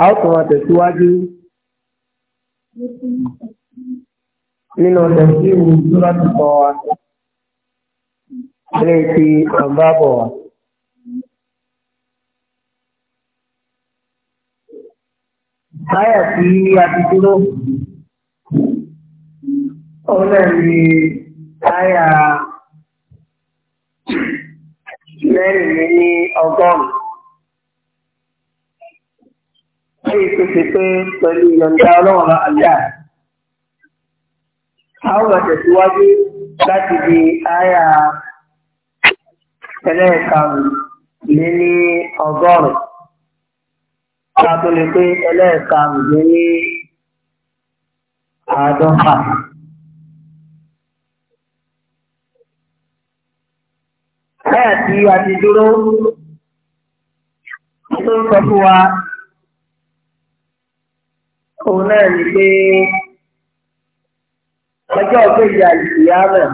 a ó tún àtẹ̀síwájú nínú tẹ̀síwájú tó láti kọ́ wa ilé ti àbábọ̀ wa. Báyà tí a dúró, ó báyà mẹ́rin ní ọgọ́rùn-ún. Ṣé ètò ṣe pé pẹ̀lú ìyọ̀ǹda ọlọ́run àlá? A ó rẹ̀ tẹ̀síwájú láti di àyà ẹlẹ́ẹ̀karùn-ún lé ní ọgọ́rùn-ún. Ká tó lè pé ẹlẹ́ẹ̀karùn-ún lé ní àádọ́fà. àyà tí a ti dúró tó ń sọ fún wa òun náà ní pé ọjọ́ kejì àìsíyá náà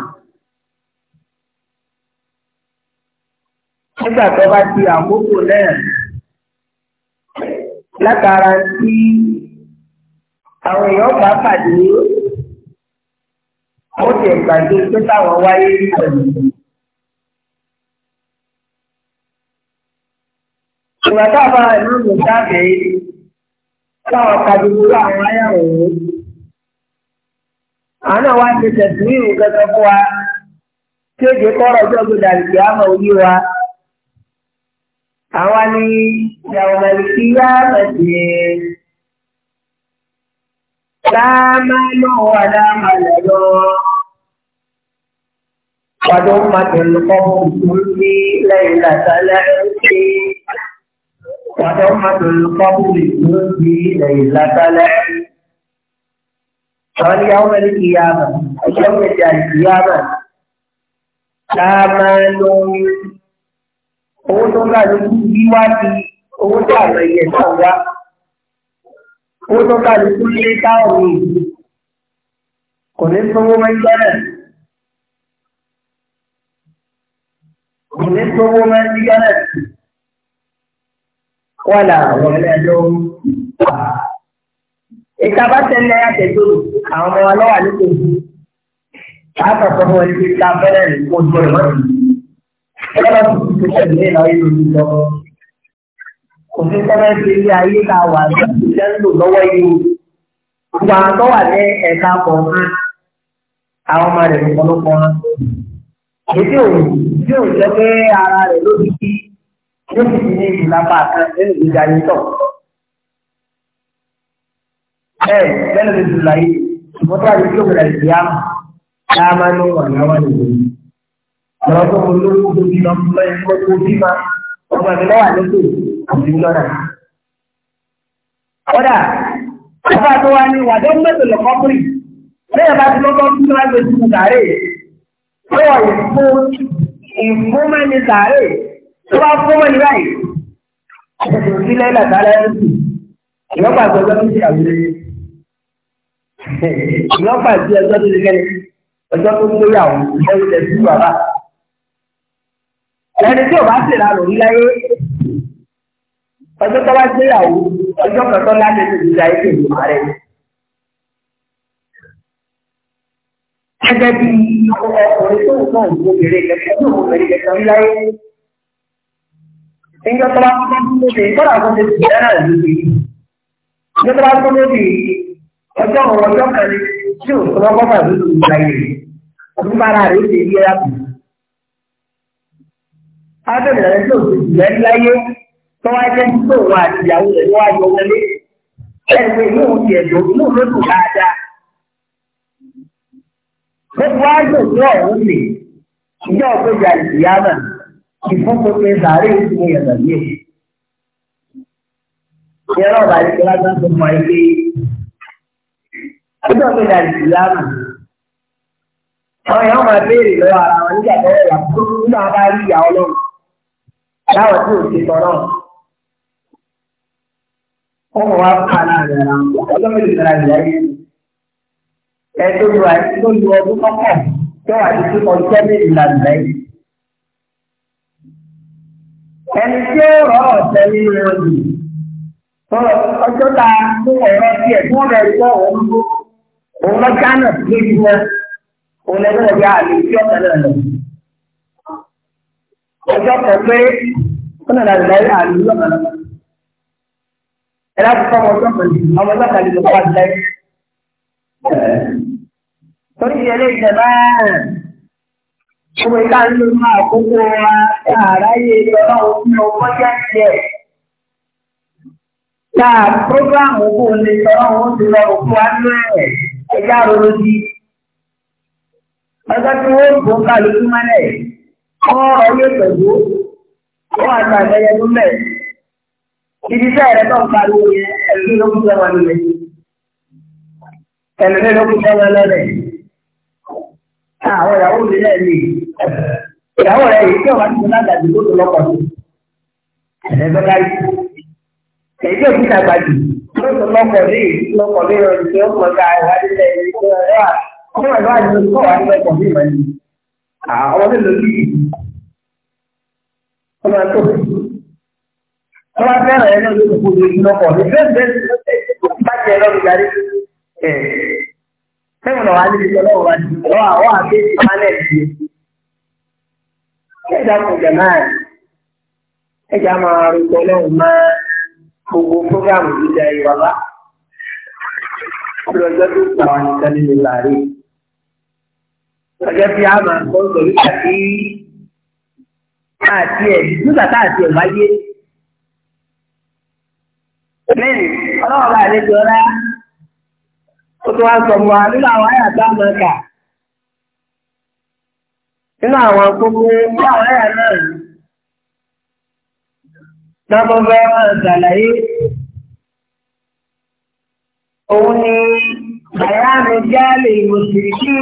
nígbà tó bá di àkókò náà látara tí àwọn èèyàn bá pàdé ó ti gbàgbé pé táwọn wáyé pẹ̀lú. ìgbà táàbà ìmáàmù sáàbẹ̀ yìí táwọn kàdúgbò àwọn ayáwó àwọn náà wá ṣe tẹ̀síwìrì gẹ́gẹ́ fún wa tí ó jẹ́ kọ́rọ̀ ọjọ́ gbọdọ̀ àlùkí àmọ́ òye wa. Àwa ni ìyàwó màlìkí yá mẹ̀sìn. Dáàmà náà wà dáàmà lọ́dọ̀. Wàdó máa tẹ̀lé kọ́ fún mi lẹ́yìn làtàlẹ́ ń ṣe. ودومة القبر تنفي ليلة العلم فاليوم القيامة يوم القيامة táàmánú owó tó ń gbà lójú wíwádìí owó tó àwọn ẹyẹ náà wá owó tó ń gbà lójú lé táwọn mi kò ní sanwó mẹ́jọ rẹ̀ kò ní sanwó mẹ́jọ rẹ̀ wọ́là wọlé lóhùn. Ìka bá tẹ́lẹ̀ àtẹ̀jọ́ àwọn ọmọ ọlọ́wà ní kòkó. Àtọ̀tọ̀ fún ẹni pé ká bẹ́rẹ̀ rẹ̀ kó jọ ìwọ́n rẹ̀. Ẹgbẹ́ tó ti tó tẹ̀lé ìlànà ìlú mi lọ. Òfin tẹ́lẹ̀ ti ilé ayé ta wà ní ìṣẹ́ ń lò lọ́wọ́ yìí. Gbogbo tó wà ní ẹ̀ka kọ̀ọ̀kan, àwọn ọmọ rẹ̀ lọ́pọ̀lọpọ̀ wọn. Èdè òun yóò jẹ́ pé ara rẹ̀ ló ti kí yóò sì di ní ìlàpá kan nínú ìgbà yìí tọ̀. ẹ lẹ́nu lè dùn láyé ṣùgbọ́n tó àyè tí òun rẹ̀ sì á mọ̀ dáa máa ń wà láwọn ìlú. ọ̀rọ̀ tó mo lówó tó bí lọ mọ ẹgbẹ́ tó bí ma ọmọ mi lọ́wọ́ àlejò àti lọ́nà. kódà ọba tó wá ní wàdó mẹ́tò lọ́kọ́kùnrin lẹ́yìn bá ti lọ́kọ́ tó wá gbèsè sàárè lọ́wọ́ ìfún ìfún mẹ́ni sàárè tó bá fún mọ́ ní báyìí àtẹ̀tẹ̀ sí lẹ́yìn àtàlẹ́ ẹ̀sìn ìyọ́pàá àti ọjọ́ tó ti àwùjọ ìyọ́pàá àti ọjọ́ tó ti kẹ́lẹ́ ọjọ́ tó ń lórí àwọn ìṣẹ́ ìṣẹ́ sí bàbá ẹni tí ò bá sì rà lórí láyé ọjọ́ tó bá gbé ìyàwó ọjọ́ kan tó láti ṣe ìṣẹ́ ayé tó ìlú rẹ̀. gẹ́gẹ́ bí ọkùnrin tó ń sọ òun obìnrin kẹ́kẹ́ tó ń obìnrin kẹ́kẹ́ ń láyé. Nígbà tó bá tó ṣe kọ́lá tó ṣe ti dáná lóde. Nígbà tó bá tó lóde ọjọ́ ọjọ́ kan ní tí ò tó lọ́kọ́ bàbá lóde ìgbà yẹn. Ọdún bára rẹ̀ ṣe yé yàtọ̀. Ábẹ̀rẹ̀ rẹ̀ tó ṣe ti lẹ́nu láyé tó wá dáadáa. Gbogbo àjò ìjọ ọ̀hún nì, ìjọ ọ̀gbẹ́jà ìyá náà ìfúnpọ̀ pé sàárè yìí ti yàtọ̀ yìí. Ìyẹ́rọ̀ bàálí kí wọ́n tó mọ ilé. Ọjọ́ mi dà jù lánà. Àwọn èèyàn máa béèrè lọ́wọ́ ara wọn nígbà tó yà tó nígbà bá rí ìyá ọlọ́run. Láwọn tí ò ti tọ́ náà. Wọ́n mọ̀ wá pa láàrin ara wọn. Ọjọ́ mi ìyá yẹn. Ẹ tó lu ọdún kọ́kọ́ tó wà ní kíkọ́ jẹ́ méjìlá ìgbà yìí ẹni tí ó rọ ọ̀sẹ̀ nínú wọn jù ọjọ́ ta mú ọ̀rọ̀ díẹ̀ tí wọ́n bẹ̀rù pọ̀ òun ló òun lọ gánà lójú wọn òun lọ lọ́wọ́ àlè tí ọ̀sẹ̀ náà lọ. ọjọ́ kan pé ó nana lẹ́yìn àlè lọ́kàn lọ́kàn. ẹ láti fọ́ ọmọ ọjọ́ kan ọmọ ọjọ́ kan jù lọ́kàn lẹ́yìn. torí ìyẹlé ìjọba náà. Ṣùgbọ́n ìka ń lo máa kókó wa tààráyé ọlọ́run ní ọgbọ́n jẹ́ ìjẹ́. Ta prógráàmù kò lè sọ́rọ̀ ó ti lọ òkú wa ní ẹ̀ ẹ̀já roro di. Ọjọ́ tí wọ́n bò ń kàlù sí mọ́lẹ̀, wọ́n rọ yóò pẹ̀lú, wọ́n àgbà ẹ̀yẹ tó mẹ̀. Ibi iṣẹ́ rẹ̀ tó ń pariwo yẹn, ẹ̀lú ló kú sẹ́wọ̀n lulẹ̀. Ẹ̀lú ló kú sẹ́wọ̀n lọ́lẹ̀. àwọn ìyàwó mi náà lè ìyàwó rẹ̀ èyí ọba tuntun náà dàbí lóṣù lọ́kọ̀ sí ẹ̀ẹ́dẹ́gbẹ́ láyé èyí tí òbí dàgbà jù lóṣù lọ́kọ̀ ní lọ́kọ̀ ní ọdún tí ó ká ọ̀rẹ́ wa ìmọ̀ àwọn ọmọ ọmọ fẹ́ràn sẹ́yìn lọ́wọ́ alẹ́ ìjọ lọ́wọ́ àti lọ́wọ́ àwọn àti ìpánẹ̀ ti. Ṣé ìjà kò jẹ̀ náà? Ẹja máa rúkọ lọ́wọ́ máa gbogbo fúgàmù ìjà ìwà bá. Ọlọ́jọ́ tó pa àwọn nìkan nínú láàrin. Ọjọ́ tí a máa kọ́ sọ̀rọ̀ ìtàkì àti ẹ̀ nígbà tá ẹ̀ wáyé. Bẹ́ẹ̀ni, ọlọ́wọ́ bá àlejò ọlá ó tún wá sọ fún wa nínú àwọn àyà tá a máa kà nínú àwọn kókó nínú àwọn àyà náà yìí dábọ́ bá ṣàlàyé òun ni àyà mi jáde ìmọ̀síkì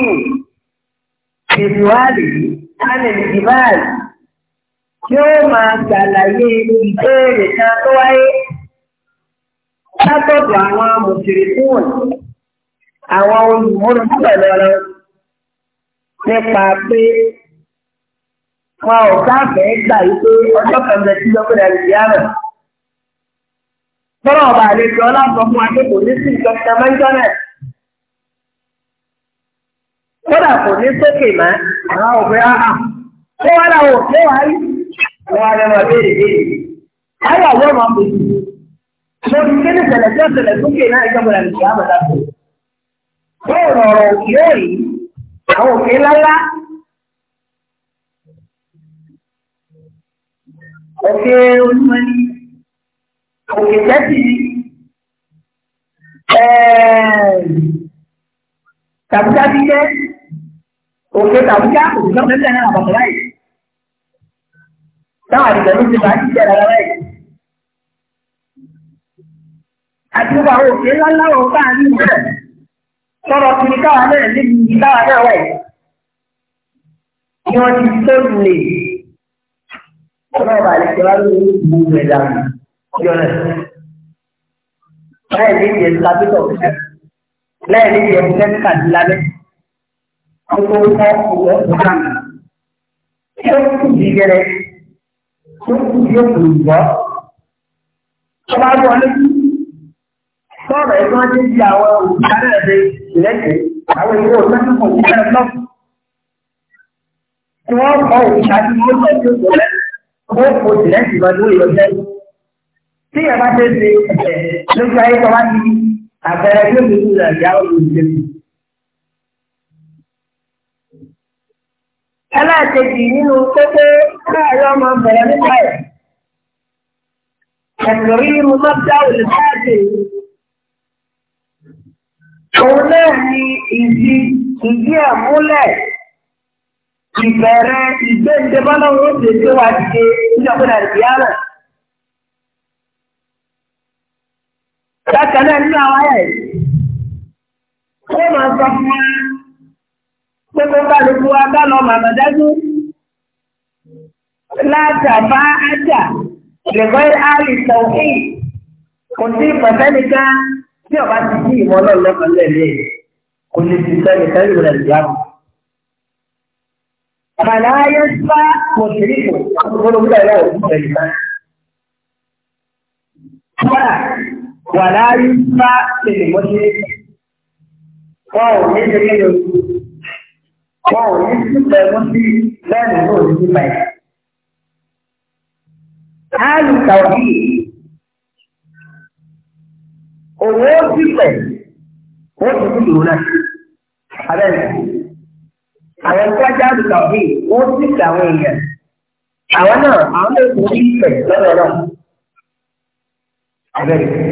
ìwádìí láti ìdìbáàdì tí ó máa ṣàlàyé ìbéèrè kan tó wáyé látọ̀dọ̀ àwọn mùsùlùmí àwọn olùmúlò pẹ̀lú ọ̀rọ̀ nípa pé wọn ò káfẹ́ gbà yí pé ọjọ́ kan bẹ sí lọ́kọ̀ dàbí ọba àlejò ọlọ́pàá akẹ́kọ̀ọ́ ní sí ìjọba mẹ́jọ́nà. Kódà kò ní sókè má, àwọn òfin béèrè béèrè. Ayọ̀ àwọn ọmọ tí ó ṣẹlẹ̀ sókè náà ìjọba bẹ́ẹ̀ lọ̀rọ̀ òkè àwọn òkè lálá òkè onímọ̀ni òkè tẹ́sí tàbíkà jíjẹ́ òkè tàbíkà òkè mẹ́ta náà bàbá láì táwọn àdìgbẹ́ ló ti máa jíjẹ́ rárá láì. Àti gbogbo òkè ńlá ńlá wọn bá Sọ̀rọ̀ kìí káà náà níbi káà náà wẹ̀. Kí wọ́n ti tó lè. Ọlọ́run àlejò wa ló ń bu ẹ̀dá mi. Yọ̀nà. Láì ní ìyẹn lábẹ́tọ̀ fẹ́. Láì ní ìyẹn fẹ́ kàdí lábẹ́. Ọkọ̀ ọkọ̀ ọ̀wọ́ ọ̀gá mi. Kí ó kù bí gẹ́rẹ́. Ó kù bí ó kù ń bọ́. Ọba lọ lójú sọ̀rọ̀ ẹ̀gbọ́n ti di àwọn òṣìṣẹ́ ẹ̀dẹ́ ìlẹ́kẹ̀ àwọn ìwé òṣìṣẹ́ òṣìṣẹ́ náà tí wọ́n kọ́ òṣìṣẹ́ tí wọ́n lọ sí òṣìṣẹ́ ó fò ìlẹ́kẹ̀ lọ lórí ọjọ́ tí ẹ bá ṣe ṣe ẹ̀ lójú ayé tó wá ní àpẹẹrẹ tí ó ti kú rẹ̀ yá olùṣẹ́ mi. ẹlẹ́ẹ̀kejì nínú kókó káàárọ̀ ọmọ bẹ̀rẹ̀ nípa ẹ̀ ẹ̀sọ̀rí mo máa dá Òun náà ni ìdí ìdí àmúlẹ̀ ìbẹ̀rẹ̀ ìgbéǹde bọ́láwọ́ ṣe tí wà dìde ní ọ̀pọ̀lọpọ̀ ìdíyàrá. Bákan náà nínú àwọn ayẹ̀ wọ́n máa sọ fún wa pé kó kálukú wa bá lọ màmá dájú látàbá ájà lẹ́gbẹ́ àlìsàn òkè kò sí ìpàtẹ́nìkan tí ọba ti kí ìmọ̀ náà lẹ́kọ̀ọ́ lẹ́lẹ́ kò lè ti sẹ́ni sẹ́ni rẹ̀ ìyáàmù. Àmàlà ayé sá mo sì rí kò àkókò wúlò ẹ̀rọ òkú pẹ̀lú náà. Kọ́lá wà láyé sá lèlè mọ́ sí wọn ò ní ṣe kéde oṣù wọn ò ní sípẹ̀ mọ́ sí lẹ́nu náà ní báyìí. Áàlù tàwọn yìí òwò na ó ti kú ìlú náà abẹ́rẹ́ àwọn sájà àdùkàbí ó sì gbà àwọn èèyàn àwọn náà àwọn náà kò rí ìpẹ̀ lọ́dọ̀ náà abẹ́rẹ́.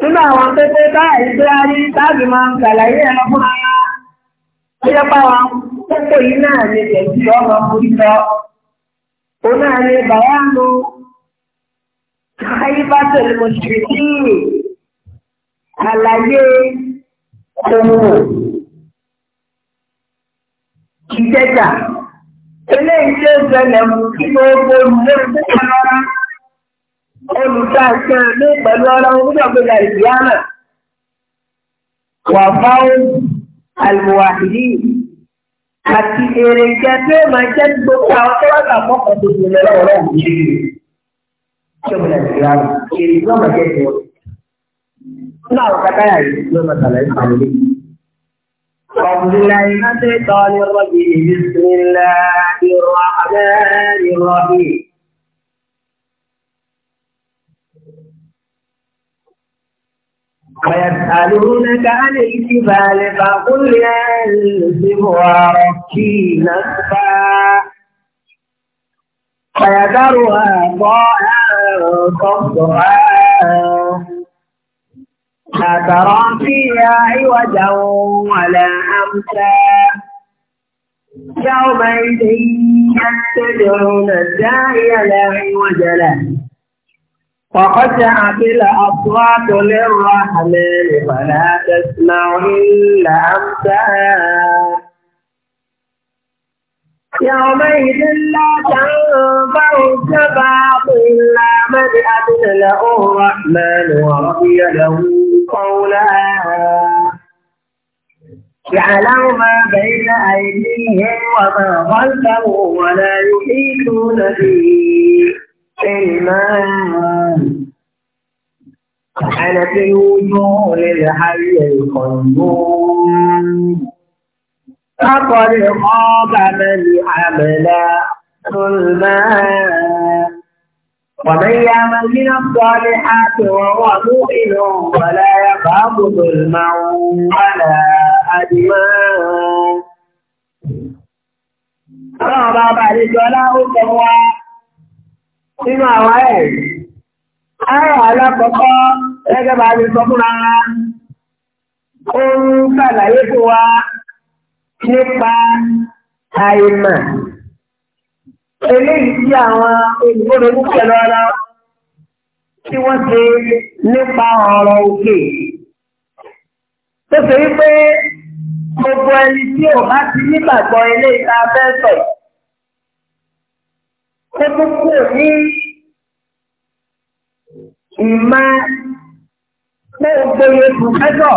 Nínú àwọn baa báyìí a rí táàbì máa ń ṣàlàyé ẹ̀rọ fún ara ó yẹ páwa púpọ̀ yìí náà ọmọ orí Òun náà khaybatul mushrikin àlàyé òun ìjẹjà eléyìí tí ó ṣẹlẹ̀ mú kí gbogbo olùdókòwò lọ́ra olùdáṣẹ́ ilé pẹ̀lú ọ̀rọ̀ onídọ̀gbẹ̀dà ìdíyànà wà fáwọn àlùwàhìrì àti èrè jẹ́ pé màá jẹ́ gbogbo àwọn tó wà kà mọ́kàn tó yọmọlẹ ìgbéra èrè tí wọn máa jẹ ìwọ nínú àwọn kátáyà yìí ló máa tàlẹ ìpàdé lé. Ọ̀gbìnláyé náà ṣe tọ́ ní ọlọ́bì ìbísílá ìrọ̀ abẹ́ ìrọ̀ bí. ويسألونك عن الجبال فقل ينسفها ربي نسفا فيذرها ضاعا قصرا لا ترى فيها عوجا ولا امسا يومئذ يتبعون الداعي لا عوج له وخشع بالأصوات للرحمن فلا تسمع إلا امسا يومئذ لا تنفع الشفاعة إلا من أذن له الرحمن ورضي له قولا يعلم ما بين أيديهم وما خلفهم ولا يحيطون به علما سبحانت الوجوه للحي القيوم فقد خاب من حملا ظلما ومن يعمل من الصالحات وهو مؤمن ولا يخاف ظلما ولا أدما Ọlọ́run bá bá àdéjọ aláwùjọ wa nínú àwọn ẹ̀. Ààrùn alákọ̀ọ́kọ́ gẹ́gẹ́ bá a sọ fún ara. Ó ń fún wa nípa àìmọ̀ eléyìí tí àwọn olùgbòrò ń pẹ̀lú ara tí wọ́n ṣe nípa ọ̀rọ̀ òkè. Tó ṣe wípé gbogbo ẹni tí ò bá ti nígbàgbọ́ eléyìí tá a fẹ́ sọ. Ó tún kù ní ìmọ̀ gbogbo yẹn e pòfẹ́sọ̀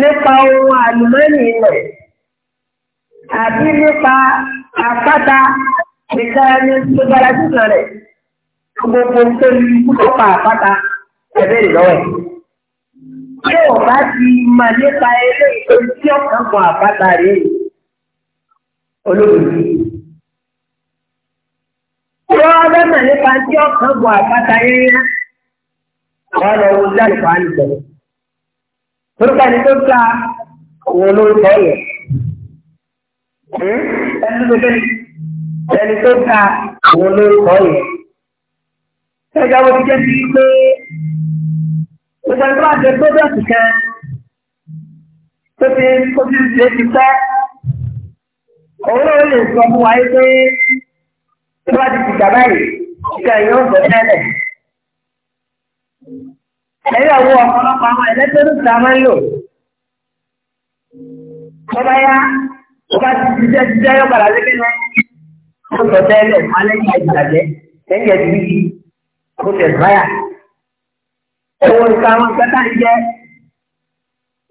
nípa ohun àlùmọ́nì ilẹ̀ àbí nípa àpáta nìkan ní gbogbo sísan rẹ̀ gbogbo tó ní púpọ̀ àpáta ẹ̀bẹ̀rẹ̀ lọ́wọ́ ẹ̀. Ṣé ò bá ti mọ̀ nípa eré ìtòjú tí ọ̀kan kan àpáta rèé olóògbé? Ṣé wọ́n bẹ́ mọ̀ nípa tí ọ̀kan kan àpáta yẹn yá? Wọ́n lọ wo jáde fún Torúkọ ẹni tó ga òun olórúkọ yẹ. Ẹni tó bẹ́ẹ̀ ẹni tó ga òun olórúkọ yẹ. Ṣẹ́jà wo ti jẹ́ ti pé ìṣẹ̀lẹ̀ tó àjẹ tó bẹ̀rẹ̀ kan tó ti tó ti ṣe ti pẹ́. Òun náà sọ fún wa pé tí wọ́n ti ti gbà yóò bọ̀ tẹ́lẹ̀ ẹ̀yà wo ọ̀pọ̀lọpọ̀ àwọn ẹ̀lẹ́tọ́rù ta máa ń lò. Bọ́bá yá, bọ́bá ti jíjẹ́ jíjẹ́ yóò padà lébí náà. Ó sọ tẹ́lẹ̀ máa lẹ́yìn àjàjẹ́, lẹ́yìn ẹ̀dùn yìí, ó tẹ̀ báyà. Owó ìka àwọn ìkẹta ń jẹ́.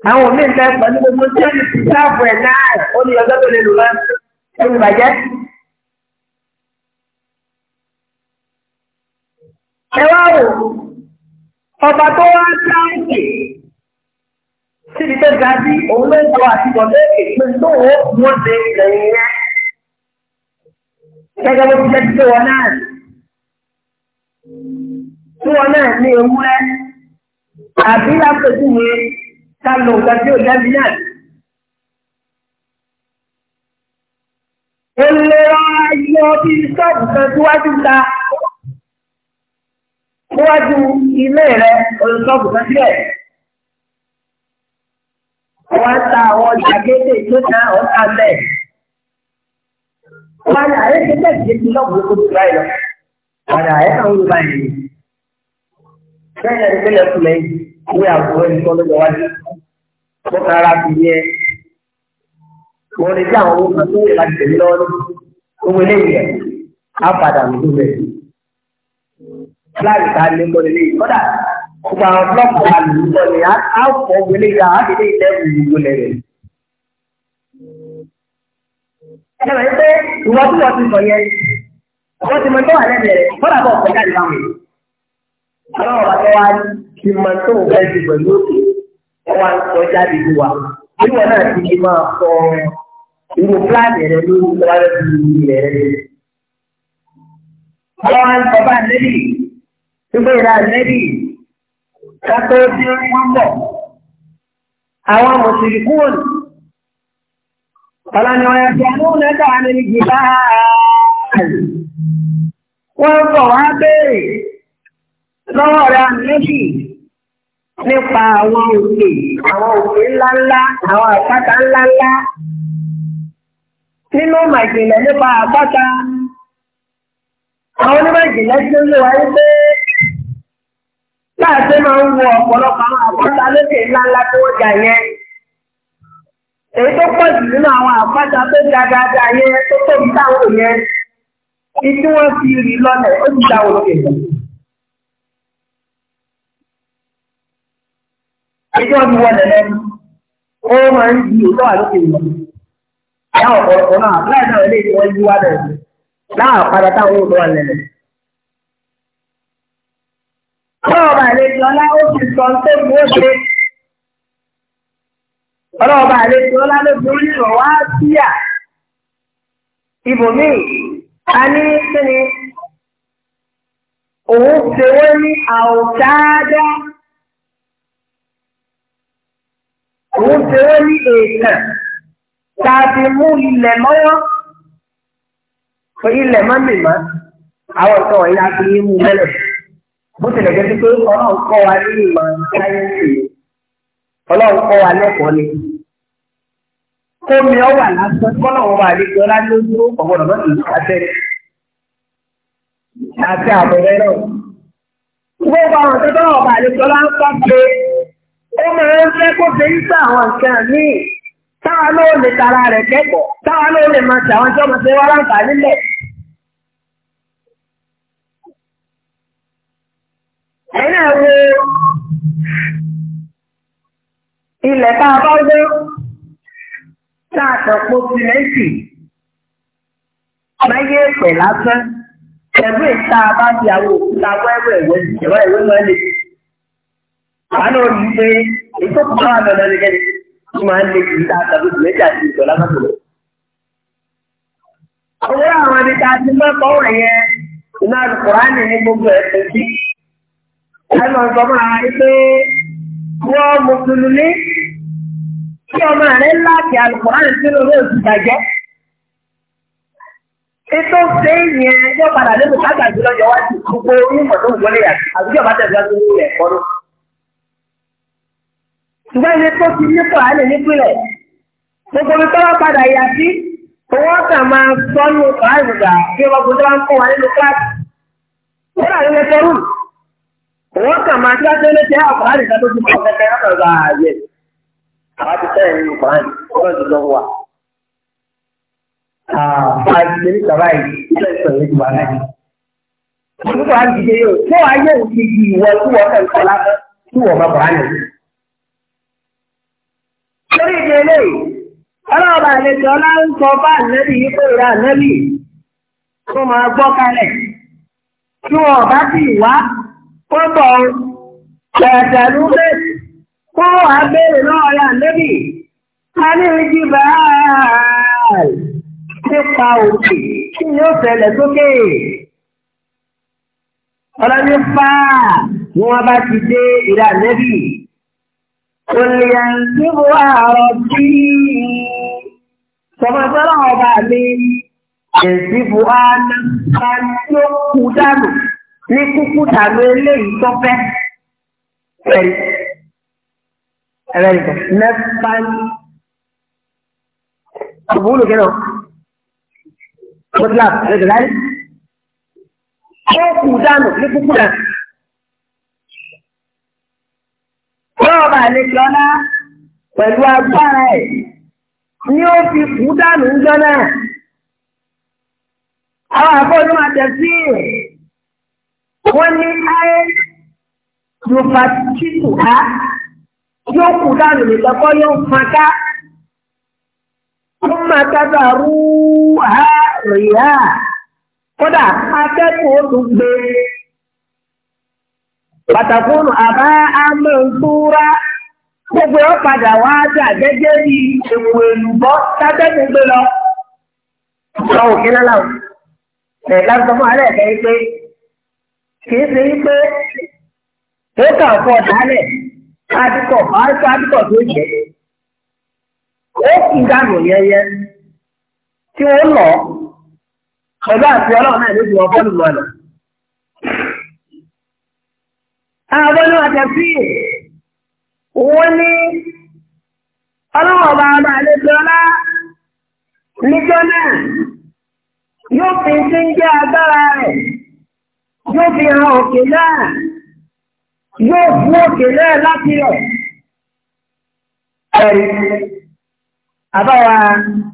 Àwọn òmí ń fẹ́ pẹ̀lú gbogbo tí wọ́n ti sáàbù ẹ̀ náà ó ní ọjọ́ tó lè lò lọ Ẹ wá wò ó ọba tó wá dá òkè síbi tó ga sí òun ló ń sọ àtibọ̀ lókè pé tó o mú de lẹ́yìn yẹn. Gẹ́gẹ́ bó ti jẹ́ tí wọn náà tí wọn náà ní ewúrẹ́ àbí lápẹ̀júwe ká lo nǹkan tí ò lẹ́bi náà. Olùrọ̀ ayọ̀ bíi sọ́ọ̀bù kan síwájú ta níwájú ilé rẹ olùsọ́ọ̀bù kan sílẹ̀. Wọ́n ta àwọn ọjà kéde tó ta ọ̀tá bẹ̀. Wọ́n ní àyè ti bẹ̀rẹ̀ sí lọ́ọ̀bù tó ti báyìí lọ. Wọ́n ní àyè kan ń lo báyìí ni. Bẹ́ẹ̀ni ẹni tẹ́lẹ̀ fún mi, ìwé àbúrò ẹni tó lọ́jọ́ wájú. Mo kàn ra fi yẹ. Mo lè dí àwọn owó kan tó wù láti tẹ̀lé lọ́wọ́ ní. Owó eléyìí á padà lójú rẹ̀ láì ta lé mọ́ lélẹ̀ yìí kọ́dà gbogbo ni á fọ wọlé yà á fi lè tẹ ìlú lẹrẹ. ẹ bẹ̀rẹ̀ pé ìwọ tí wọ́n ti sọ yẹn wọ́n ti mọ tó wà lẹ́nu rẹ̀ kọ́dà bọ̀ ọ̀pẹ jáde báwọn yìí. àwọn ọ̀rọ̀ tó wá ti mọ tó ń fẹ́ ti pẹ̀lú òkè wọ́n wá ń sọ jáde fún wa. ìwọ náà ti fi máa sọ irú pílánì rẹ lórí ìwádìí rẹ. Gbogbo ìlà nẹ́bì kátó tí ó wọ́n bọ̀. Àwọn mùsùlùmí kúrò ní. Ọlá ni wọ́n yẹ fi àánú lẹ́tà wá níbi jìbá. Wọ́n bọ̀ wá béèrè lọ́wọ́ rẹ̀ nẹ́bì nípa àwọn òkè, àwọn òkè ńláńlá, àwọn àpáta ńláńlá. Nínú màjìnlẹ̀ nípa àpáta, àwọn onímọ̀ ìjìnlẹ̀ tí ó lè wáyé bẹ́ẹ̀. Láàṣẹ máa ń ọpọlọpọ ọ̀pọ̀lọpọ̀ àwọn àpáta lókè ńláńlá tó wọ́n jà yẹn. Èyí tó pọ̀ jù nínú àwọn àpáta tó ga dáadáa yẹn tó tóbi táwọn yẹn. Ibi wọ́n fi lọ. Àwọn ọ̀pọ̀lọpọ̀ náà láì ọlọ́ọ̀bà àlejò ọlá ó ti sọ tó mú ó ṣe ọlọ́ọ̀bà àlejò ọlá ló borí rọ̀ wá síyà ibòmíì a ní kíni òun ṣe wọ́n ní àwòtáájá òun ṣe wọ́n ní èèkàn tá a fi mú ilẹ̀ mọ́wọ́ fún ilẹ̀ mọ́mìmọ́ àwọn ìtàn ìlà fi mú mẹ́lẹ̀ bó tilẹ̀ jẹ́ pé ọlọ́run kọ́ wa ní ìmọ̀ sáyẹ́ǹsì ọlọ́run kọ́ wa lẹ́kọ̀ọ́ ni. kómi ọwà lásán kọ́lọ́run wà ní ìjọba lójú ọ̀gbọ́dọ̀ bá tìlú àtẹ àti àbẹ̀rẹ̀ náà. gbogbo àwọn tó tọ́wọ́ ọba àlejòlá ń pa pé ó máa ń fẹ́ kó fi ń sá àwọn nǹkan míì táwa ló lè tara rẹ̀ kẹ́kọ̀ọ́ táwa ló máa ṣàwọn ẹ̀yìn àwọn ilẹ̀ tá a bá gbé láàtọ̀pọ̀ sílẹ̀sì mẹ́yẹ ẹ̀pẹ̀ lásán pẹ̀lú ìta bá fi àwọn òkúta wẹ́wẹ́ ìwé ìwé mọ́lẹ̀. pé wà lọ́dọ̀ máa ń lè kí ìta lásán Owó àwọn ẹni tá a ti mọ́ wọ̀nyẹn, ní gbogbo ẹnu ọ̀sọ́mọ́ àárí pé wọ́n mùsùlùmí kí ọmọ rẹ̀ láti alùpùpù tí lórí òsì bàjẹ́. Ètò ṣe ìyẹn yóò padà nínú kágbà jùlọ yọ wá sí gbogbo onímọ̀ tó ń wọlé yàtọ̀ àbújọ́ bá tẹ̀síwá sí ilé ẹ̀kọ́ ló. Ṣùgbọ́n ilé tó ti nípò àlè nípìnlẹ̀ gbogbo mi tọ́wọ́ padà yà sí owó kan máa sọ́nù ọ̀hánùgbà bí ọmọkùnrin tó bá ń kọ́ wa nínú kíláàsì. Ó rà nínú ẹgbẹ́ rúùlù. wọ́n kà máa kí á tẹ́lẹ̀ tẹ́ àkùnrin kan tó ti mọ̀ kẹ́kẹ́ ọ̀gá ààyè àwọn ti ọ̀gá ti lọ wà. ní yìí yóò tó ayé di ìwọ tí wọ́n fẹ́ tí wọ́n bá ìdí ọlọ́ọ̀bà bá yìí ìrà kọ́bọ̀ ṣàtàlú bẹ́ẹ̀ kó abẹ́rẹ́ náà yà lẹ́bì ká ní ìjì báàlì nípa òkè kí ni ó fẹ̀lẹ̀ sókè. ọlọ́ni fáà ni wọ́n bá ti dé ìlà lẹ́bì. Olùyàn tí mo wà ọ̀rọ̀ bí sọmọ́sọ́lá ọba mi, èsì bu á náà ká ní ó kú dànù ní kúkú dàlú eléyìí tó fẹ́ ẹ̀rí ẹ̀rẹ́ ìbọ̀ mẹ́fà ní ọ̀bùnú kí náà mọ́tílá ẹ̀rọ láyé ó kù dànù ní kúkú dànù. Lọ́ọ̀bà lè jọlá pẹ̀lú agbára ẹ̀ ni ó fi kú dànù ń jọ náà. Àwọn àbọ̀ ló máa tẹ̀ sí ìrìn wọ́n ní ayé yorùbá títù ká yóò kú dànù nìkọ́kọ́ yóò fọn ká wọ́n máa tábà rú ha rìhà kódà akẹ́kọ̀ọ́ olùgbé pàtàkùnù àbá amẹ́ńtúrá gbogbo ọ padà wá dà gẹ́gẹ́ bí èwò èlùbọ́ tábẹ́kùn gbé lọ. Ìjọba òkè lọ́la ò. Ẹ̀ lásán fún alẹ́ ẹ̀kẹ́ yìí pé kìí ṣe wípé ó kà fọ dálẹ̀ adìkọ̀ àìsàn adìkọ̀ tó jẹ́ ó kì í dànù yẹyẹ tí ó lọ pẹ̀lú àti ọlọ́run náà ló ti wọ bọ́ọ̀lù lọ lọ. Abọ́lú àtẹ̀sí wọ́n ní ọlọ́run ọba àlejò ọlá níjọ́ náà yóò fi sí ń jẹ́ agbára rẹ̀ yóò fi hàn òkè náà yóò fún òkè náà láti rẹ̀. Ẹ̀rí àbáwa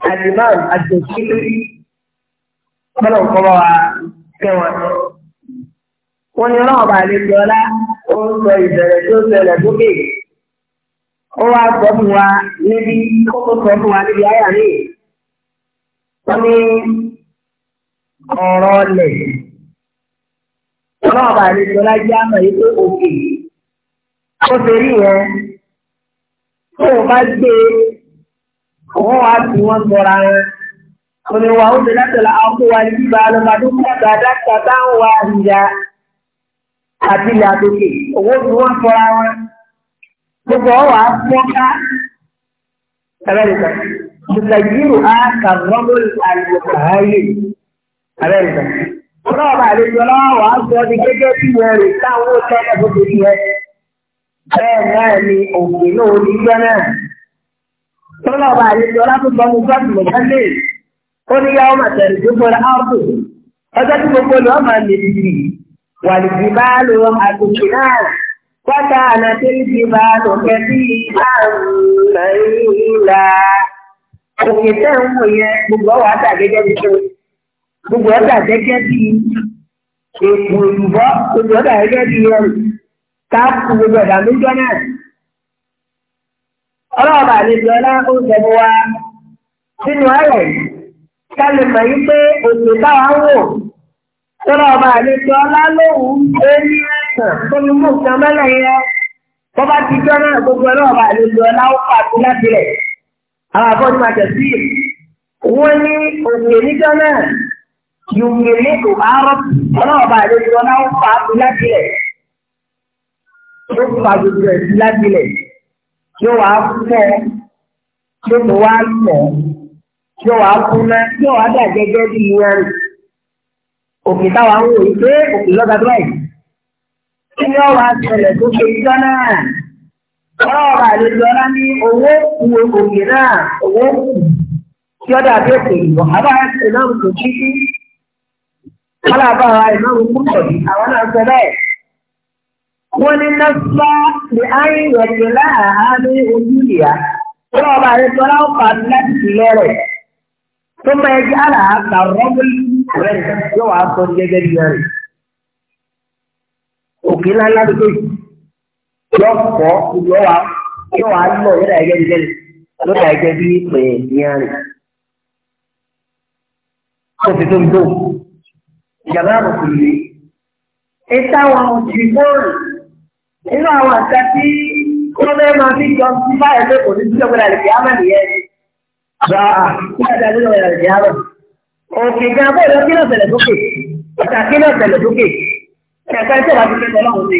àdìmáàmù àjòkí ọlọ́run kọ́ bá wa kẹwọn. Wọ́n ní ọlọ́run bá lè jọlá ó ń sọ ìbẹ̀rẹ̀ tó ṣẹlẹ̀ lókè. Ó wá sọ fún wa níbi ó tó sọ fún wa níbi ayà ní. Wọ́n ní ọ̀rọ̀ ọlẹ̀ ọlọ́run bá lè sọ láyé àmọ̀ yìí pé òkè ó ṣe rí yẹn tó o bá gbé àwọn wa bí wọ́n tọ́ra wọn. Òní wa ó ṣe látọ̀lá ọkọ̀ wa ní bíbá alọ́mọdún mẹ́ta dáta táwọn wa ìyá àti ìyá àtòkè owó bí wọ́n tọ́ra wọn. Gbogbo ọwà fọ́nká abẹ́rẹ́ta. Mùsàgírù á kà mọ́mọ́lì àlùkò ààyè abẹ́rẹ́ta. Ọlọ́ọ̀bà àlejò ọlọ́wọ́ wa sọ ní gẹ́gẹ́ bí ìyẹn rè táwọn ó tẹ́lẹ̀ tó ti yẹ. Bẹ́ẹ̀ náà ni òkè náà ní ìjọ náà. Ọlọ́ọ̀bà àlejò ọlọ́túnbọ̀ ní sọ́ọ̀tù mọ̀tẹ́lẹ̀. Ó ní yá ọmọ àtẹ̀rẹ̀ tó fọ́ra áàpù. Ọjọ́ tí gbogbo lọ ọmọ lè dìrì. Wà lè fi bá lo àgùnkì náà. Wáta àná tí ń fi bá lò kẹ́bí Òkè tẹ́ ń wò yẹn gbogbo ọ̀wà àtàgẹ́gẹ́ bí tó gbogbo ọ̀dà gẹ́gẹ́ bí èkó òyìnbọ́ gbogbo ọ̀dà gẹ́gẹ́ bí ẹrù káàkiri gbogbo ọ̀dà lójọ́ náà. ọlọ́ọ̀bà àlejò ọlá ó sẹ́nu wa sínú ayọ̀ yìí ká lè mọ̀ yí pé òṣè táwa ń wò ọlọ́ọ̀bà àlejò ọlá lóhùn ó ní ẹ̀sán tó ní mú nǹkan mẹ́lẹ̀ yẹn bọ́ bá ti jọ́ náà gbogbo ọlọ́ọ̀bà àlejò ọlá ó pàdé láti rẹ̀ àwọn àbọ̀ ní màtẹ̀ sí wọ́n ní òkè níjọ́ náà yùngèlè kò àárọ̀ ọlọ́ọ̀bà àlejò náà ń fa lábílẹ̀ tó fa gbogbo ẹ̀ sí lábílẹ̀ yóò wá fọ́ yóò tó wá sọ yóò wá kúná yóò wá dà gẹ́gẹ́ kita wẹ́rì òkè táwa ń wò pé òkè lọ́gà bẹ́ẹ̀ kí ni ọ̀wá ṣẹlẹ̀ tó ṣe ìjọ náà ọlọ́ọ̀bà àlejò náà ní owó kù òkè náà owó kù kí ọ̀dà bí òkè ìwọ̀ àbá ẹ̀ náà kò kí alábàárà ìmáàmù púpọ̀ yìí àwọn náà sọ bẹ́ẹ̀. wọ́n ní nọ́ọ̀sì ní ayé ìrọ̀lẹ́ láàá ní ojú ìyá tó ọba rẹ̀ tọ́lá ó pa láti ìlẹ̀ rẹ̀ tó bá ẹjẹ́ àlàá kà rẹ̀ yóò wá sọ gẹ́gẹ́ bí rẹ̀. òkè ńláńlá tó tó yọ pọ̀ yọ wá yọ wá lọ yọ̀dà ẹ̀jẹ̀ bí lọ́dà ẹ̀jẹ̀ bí pè é ní àná. ó ti tó ń dùn ìjàmbá kò lè. Ìtàwọn òṣìṣẹ́rì nínú àwọn àṣà tí wọ́n fẹ́ máa fi jọ sí báyìí pé kò ní sí ọ̀gbìn àlèkè ámà nìyẹn. Gba àgbàdà nínú ọ̀gbìn àlèkè ámà. Òkè gan bó lọ kílọ̀ tẹ̀lẹ̀ sókè. Ọ̀tà kílọ̀ tẹ̀lẹ̀ sókè. Ẹ̀ka iṣẹ́ ìwà tuntun tẹ̀lé ọ̀hún ni.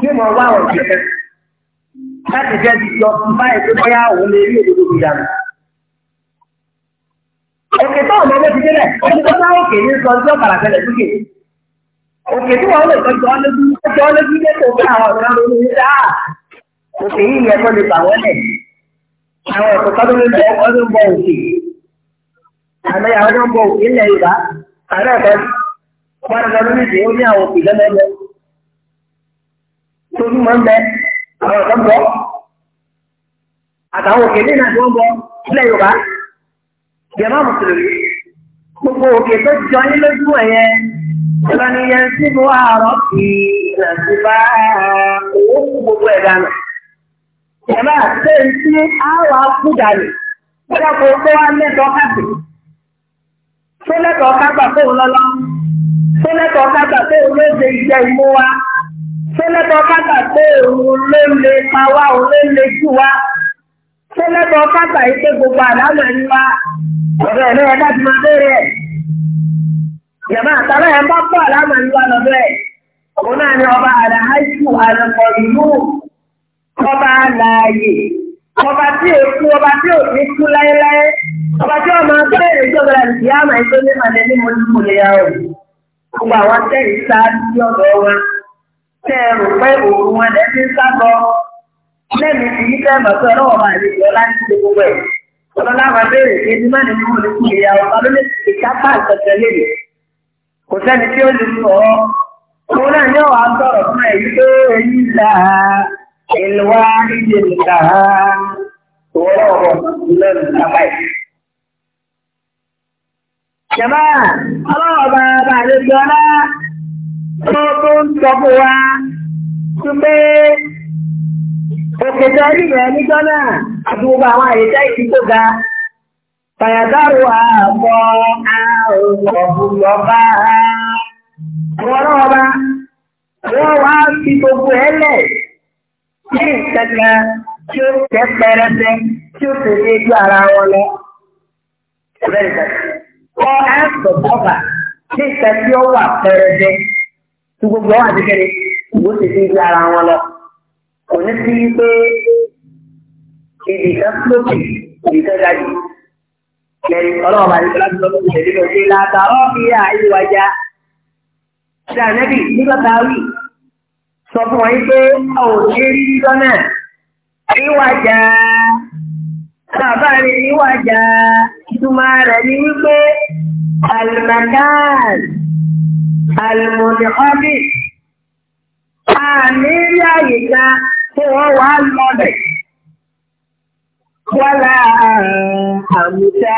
Bí mo wá ọ̀rọ̀ kẹ̀kẹ́. Láti jẹ́ ti jọ sí báyìí pé bóyá òun lè rí òdodo Òkè àwọn ọ̀nà ní sáà. Òkè yìí Yorùbá, jẹ̀mọ́ mùsùlùmí gbogbo òkè tó jọ yín lójú ẹ̀yẹ ìjọba ni yẹn sí mu àárọ̀ kì í nà sí bá owó kú gbogbo ẹ̀ dànù. jẹ̀mọ́ àti ṣé ń sí àwọn akú dànù kódà kó tó wá lẹ́tọ̀ọ́ káàkiri tó lẹ́tọ̀ọ́ kágbà tó ń lọ́lọ́ tó lẹ́tọ̀ọ́ kágbà tó ń lóde ìjẹ́ ìmú wa tó lẹ́tọ̀ọ́ kágbà tó ń lóle pa wá òun lóle ṣé lẹ́bọ̀ kápá yìí pé gbogbo àdámọ̀ ẹni wá ọ̀dọ̀ ẹ̀lẹ́ ẹ̀dá ti máa bẹ̀rẹ̀ ẹ̀. Ìyàmá àtàlẹ́ ẹ̀ bá pọ̀ àdámọ̀ ẹni wá lọ́dọ̀ ẹ̀. Òun náà ni ọba àdáháìsù àlọ́kọ̀ ìlú ọba àlàyé. Ọba tí ò kú, ọba tí ò ní kú láéláé. Ọba tí ọmọ akẹ́rẹ́ ìjọba ìyáàmà ìjọ ní màlẹ́ ní mọ́lẹ́mú lè yá o. Gbogbo àwọn tẹ́ ìsáájú ọ̀dọ̀ wọn. Tẹ́ ẹ̀rù pé òun wọn lẹ́sìn sábọ̀ lẹ́nu ti ní fẹ́ mọ̀ pé ọlọ́wọ́ máa lè yọ láti ṣe gbogbo ẹ̀. ọlọ́lá máa béèrè pé ní mẹ́rin ni wọ́n lè fi ìyá ọba ló lè fi kápá àtẹ̀tẹ̀ léèrè. kò sẹ́ni tí ó lè sọ ọ́. òun náà ní ọ̀wá sọ̀rọ̀ fún ẹ̀yí pé èyí là á ìlúwa ìdè nìkà á wọ́rọ̀ lẹ́nu kápá ẹ̀. jàmbá ọlọ́wọ́ bá bá lè sọ Òkèta orílẹ̀ níjọ́ náà àti gbogbo àwọn àyíká ìdígbò ga. Fàyàdárò àbọ̀ àrùn ọ̀bá. Àwọn náà bá wọ́n wá fi gbogbo ẹ lẹ̀ ní ìtẹ̀kẹ́ tí ó tẹ́ pẹrẹsẹ tí ó tẹ̀lé ojú ara wọn lọ. Wọ́n á sọ̀tọ̀fà ní ìtẹ̀kẹ́ tí ó wà pẹrẹsẹ tí gbogbo wọn àti kẹ́lẹ́ ìwọ́n tẹ̀lé ojú ara wọn lọ kò ní sí pé ìdìkan lókè ìdìkan gàdì lẹ́yìn ọlọ́run bá nípa lọ́dún lọ́dún ìṣẹ̀lẹ̀ lọ sí látàrọ́ bí i àìwájà ṣàlẹ́bì nígbà táwí sọ fún wọn pé ò ní rí lọ́nà àìwájà bàbá rẹ̀ níwájà ìtumọ̀ rẹ̀ tí wọ́n wá lọ́dẹ̀. Wọ́lá àmúta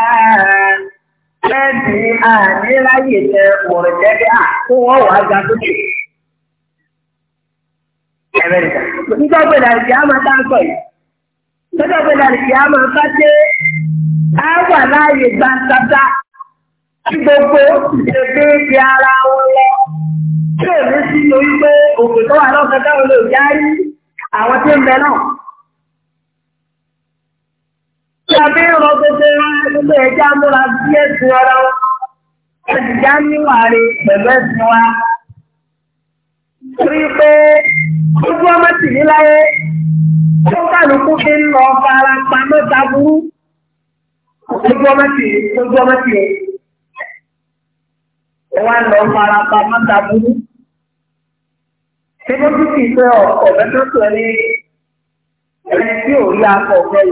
lẹ́ẹ̀dì àníláyè tẹ ọ̀rọ̀ jẹ́gẹ́ à tí wọ́n wá ga sókè. Ẹ̀rẹ̀dà. Nígbà gbẹ̀dà ìdí àmà tá ń sọ yìí. Nígbà gbẹ̀dà ìdí àmà bá dé á wà láàyè gbàǹtàtà tí gbogbo ìdèdè di ara wọn lọ. Tí ò ní sí lórí pé òkè tó wà lọ́sọ̀tà wọn lè àwọn tí ń bẹ náà. Tí a fi rọ gbogbo ilé ẹja múra sí ẹ̀sìn ọ̀rọ̀ ẹ̀sìnjá níwà rẹ̀ pẹ̀lú ẹ̀sìn wa. Torí pé gbogbo ọmọ tì ní láyé tó kálukú fi ń lọ fara pamọ́ taburú. Gbogbo ọmọ tì ní gbogbo ọmọ tì ní. Wọ́n á lọ fara pamọ́ taburú ṣé bó tún kìí pé ọ̀pọ̀ mẹ́tọ́ sọ ní ẹni tí ò rí akọ ọ̀fẹ́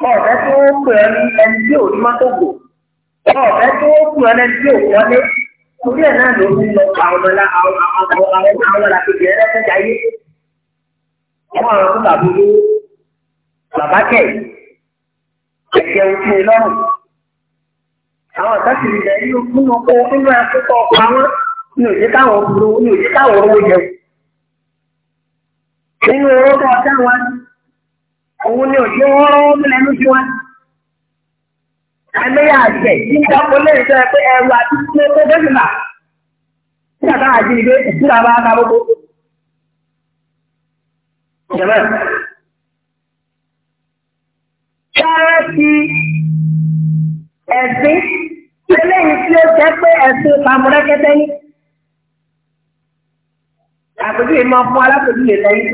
wò ọ̀fẹ́ tó pè ẹ́ ní ẹni tí ò rí mọ́tò ọ̀fẹ́ tó pè ẹ́ ní ẹni tí ò wọlé torí ẹ̀ náà ló ń lọ pa àwọn ọmọlá àwọn àwọn àkejì ẹ̀ lẹ́sẹ̀ jáyé ọmọ àwọn fún bàbá olówó bàbá kẹ̀ ẹ̀jẹ̀ òfin lọ́rùn àwọn àtàkì ìjà yìí ó fún wọn nínú akókò ọkọ àwọn ní òye káwọn ní òye káwọn olówó jẹun nínú owó tó ọjà wa òun ni òjò wọ́n rọ́wọ́ mi lẹ́nu sí wa. Àìmọye àṣẹ nígbà tó lè sọ pé ẹrù àti tó tó bẹ́ẹ̀ fi bà. Nígbà táwọn àjínigbé ìtura bá ká gbogbo. Ìjọba Sára ti ẹ̀sìn eléyìí tí ó jẹ́ pé ẹ̀sìn pàmò rẹ́kẹ́tẹ́ yìí àpèjúwe máa fún alápèjúwe kan yí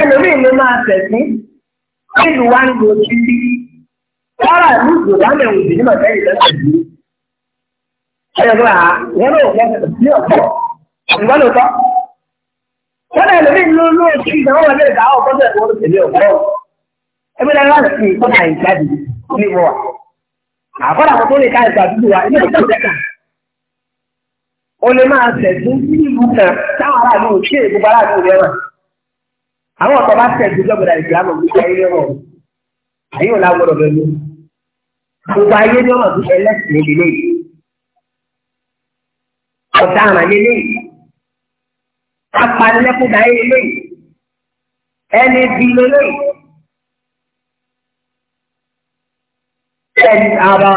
ẹlòmíì ló máa tẹ̀sí nílùú wa ń lo ti rí rárá ìlú ìgbòdánù ẹ̀wọ̀n ìdí nígbà tẹ́yìn lọ́sẹ̀ yìí. ẹ̀rọ à wọ́n lò fẹ́ sí ọ̀pọ̀ ṣùgbọ́n ló tọ́. wọ́n ẹlòmíì ló ló ti ìdánwò wọlé ìdá ọ̀pọ̀ tẹ̀ wọ́n tẹ̀lé ọ̀pọ̀. ẹgbẹ́ náà láti fi ìkọ́ta ìjáde ní wọ́n. àkọ́dà o lè máa tẹ̀sí sí ìlú kan táwọn aráàlú ò ṣe ìlú aráàlú rẹ̀ wà. àwọn ọ̀tọ̀ bá tẹ̀sí lọ́gbọ̀dà ìgbàmọ̀ gbígbà ilé wọn àyè ò lágbọ̀dọ̀ lọ́nu. gbogbo ayé ni wọn ti ẹlẹ́sìn lélẹ̀ yìí. ọ̀daràn lélẹ̀ yìí. apanilẹ́kùnrin ayé lélẹ̀ yìí. ẹni bí lélẹ̀ yìí. ẹni ara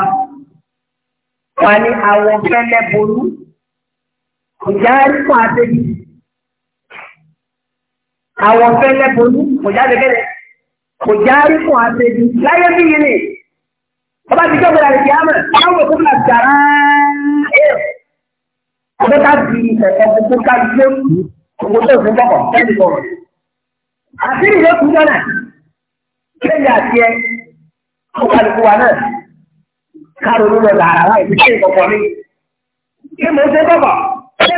wà ní àwọn fẹ́lẹ́ bolú. Ìjáàrí fún àtẹ́jú. Àwọn fẹ́lẹ́ bolú, kò jáde kẹ́lẹ̀. Kò jáàrí fún àtẹ́jú. Láyé bí yìí ni, ọba ti jọ́gbẹ̀rẹ̀ àti àmọ̀, àwọn òkú náà jàrá ẹ̀. Ọjọ́ ká fi ẹ̀kọ́ kúkú ká gbé òkú tó fún bọ́kọ̀ tẹ́lẹ̀ bọ̀rọ̀. Àti ìlú kú jọ́nà, kéèyàn àti ẹ, ó kálukú wa náà. Káàró ló lọ làárá láì fi ṣe ìkọ̀kọ̀ mi. Kí mo ṣe bọ̀kọ̀?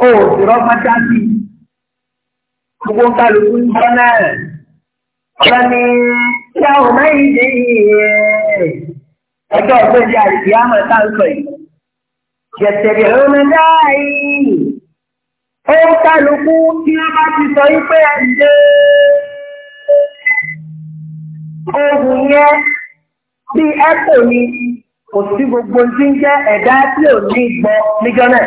ó sì rọ́gbọ́n dásì gbogbo kálukú ń bọ́ náà ọ̀rọ̀ ni kí a ò mẹ́yìn dé ọjọ́ ògbéjì àìsí àmọ́ tá ń sọ yìí jẹ̀tẹ̀rẹ̀ ọmọ dáì ó kálukú tí wọ́n bá ti sọ wípé ẹ̀ ń dé ohun yẹn bí ẹ́pò ni kò sí gbogbo tí ń jẹ́ ẹ̀dá tí ò ní gbọ́ níjọ́ náà.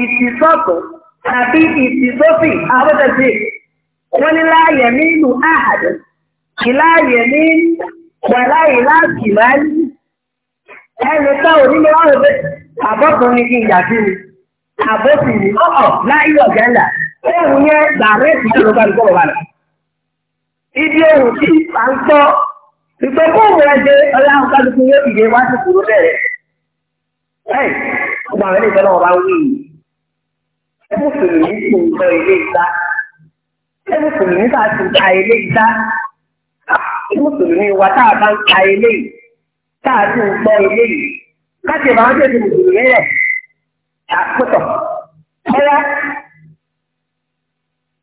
ìtìsọ́tò àbí ìtìsọ́fì àbọ̀tẹ̀sí wọ́n ní láàyè nínú àhàdẹ̀ ìláàyè ní wàláyè láti máàlì ẹni tá ò nílé wọn rẹ kí n yà sí mi ọ̀ọ̀ láyé ohun yẹn gbàgbé ìṣẹ́ ló bá kọ́ bàbá rẹ̀. ibi ohun tí à ń gbọ́ ìgbẹ́kọ̀ọ́ rẹ̀ yóò ṣé mùsùlùmí sì ń gbọ́ ilé ìta ṣé mùsùlùmí tá ti ta ilé ìta ṣé mùsùlùmí wa tá a bá ń ta ilé yìí tá a ti ń gbọ́ ilé yìí káṣí ìbá wọn tètè mùsùlùmí rẹ̀ àpótọ̀ ọ̀rẹ́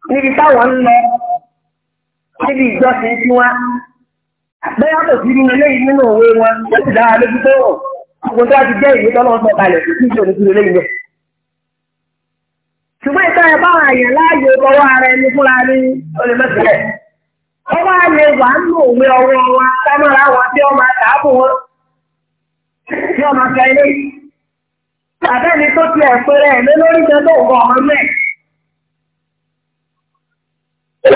níbi táwọn ń lọ níbi ìjọsìn tí wọn bẹ́ẹ̀ kò sí nínú eléyìí nínú òwe wọn ó sì dára lójú tó rọ̀ ọkùnrin tó wá ti jẹ́ ìwé tọ́lọ́ sọ kalẹ̀ kí ìjọ ní kúrò lẹ́yìn náà ṣùgbọ́n ìta ẹ̀ àyàn láàyè ọwọ́ ara ẹni fúnra ní olùmọ̀sílẹ̀. ọwọ́ àyè wà ń lò wé ọwọ́ wa sámọ́ra wọn tí ọmọ àtàbò wọn tí ọmọ fẹ́ ilé. àbẹ́ni tó ti ẹ̀pẹ́rẹ́ ẹ̀mí lórí jẹ́ tó wọ ọmọ mẹ́.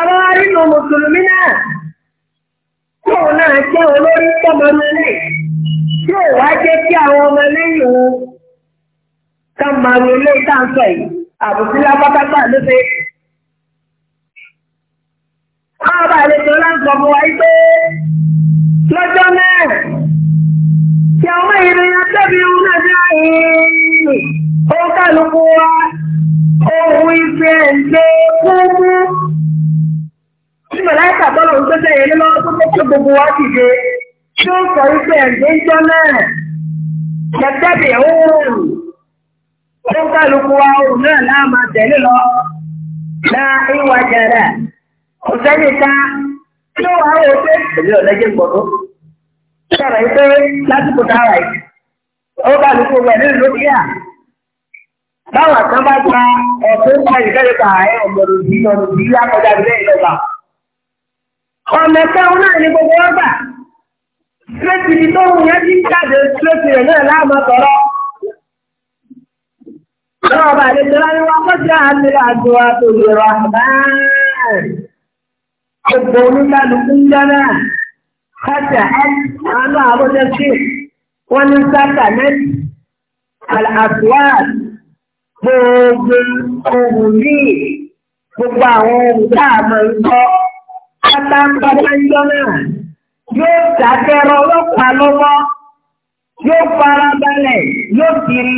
ọwọ́ nínú mùsùlùmí náà tóun náà jẹ́ olórí tọ́mọ lélẹ̀ yóò wá jẹ́ kí àwọn ọmọ lẹ́yìn òun ká máa wọlé táǹkọ̀ yìí àbùsí lápátápá ló ṣe. Àwọn ọba àlejò láǹkọ fún wa pé lọ́jọ́ náà tí àwọn ènìyàn tẹ́bi ohun náà ní àyè ohun kálukú wa ohun ìfẹ́ ìgbé kúkú. Nígbà láìka tọ́lọ̀ ń pèsè yẹn lọ́wọ́ tó tó gbogbo wa dìde tí ó sọ ìfẹ́ ìgbé ìjọ náà. Tẹ̀tẹ̀bi ohun. Wọ́n kálukú wa òun náà náà máa tẹ̀lé lọ. Náà ìwà jẹ̀rẹ̀. Kò sẹ́ni tí ó wà á pé èmi ò lẹ́jẹ̀ gbọ́dọ̀. Sọ̀rọ̀ yìí dára yìí. wa kíá. Báwa kan bá gba ọ̀tún ká ìkẹ́lẹ́ pa ààrẹ ọ̀gbọ̀dọ̀ bí akọjá ilé ìjọba. náà gbogbo ọgbà. tó wù yẹn ti rẹ̀ náà láàmú Ọlọ́run bá lè tọ́lá ní wọ́n kọ́ sí àmì àjọwà tó lè rọ àbáàrì. Ọ̀pọ̀ oníkàlùkù ń dáná. Kọ́sì àánú àbójẹ́ sí wọ́n ní sáta mẹ́tì. Àlàáfíà gbogbo ohun ní gbogbo àwọn ohun tá ń gbọ́. Pátápátá ń jọ náà yóò dákẹ́rọ ọlọ́pàá lọ́wọ́. Yóò farabalẹ̀ yóò kiri.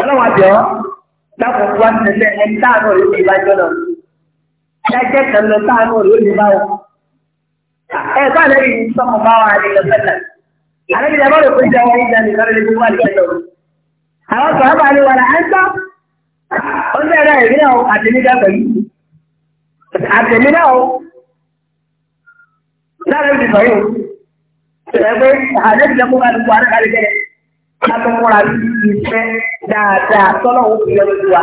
ọlọ́wọ́ àbíọ́ dákun wá tẹ̀lé ẹni táàánú rẹ̀ ti bájọ́ náà jẹ́jẹ́ kan lọ táàánú rẹ̀ ti bá wọn. ẹ bá lẹ́yìn ní sọ́mọ bá wà ní lọ sẹ́lẹ̀ àlẹ́ mi lẹ́mọ́ rẹ̀ kó jẹ́ wọ́n ìjà nìkan lè wá ní ẹ̀dọ̀ àwọn sọ̀rọ̀ bá ní wàrà ẹ̀ńtọ́ ó ní ẹ̀rọ ìrìn àwọn àtẹnidá pẹ̀lú àtẹnidá o lára ìdìbò yìí ẹgbẹ́ àlẹ́ mi lẹ́kọ́ bá ní wàrà kálí kẹ́lẹ́ ká tó múra sí iṣẹ́ dáadáa tọ́lọ̀ ó fi ọdún wa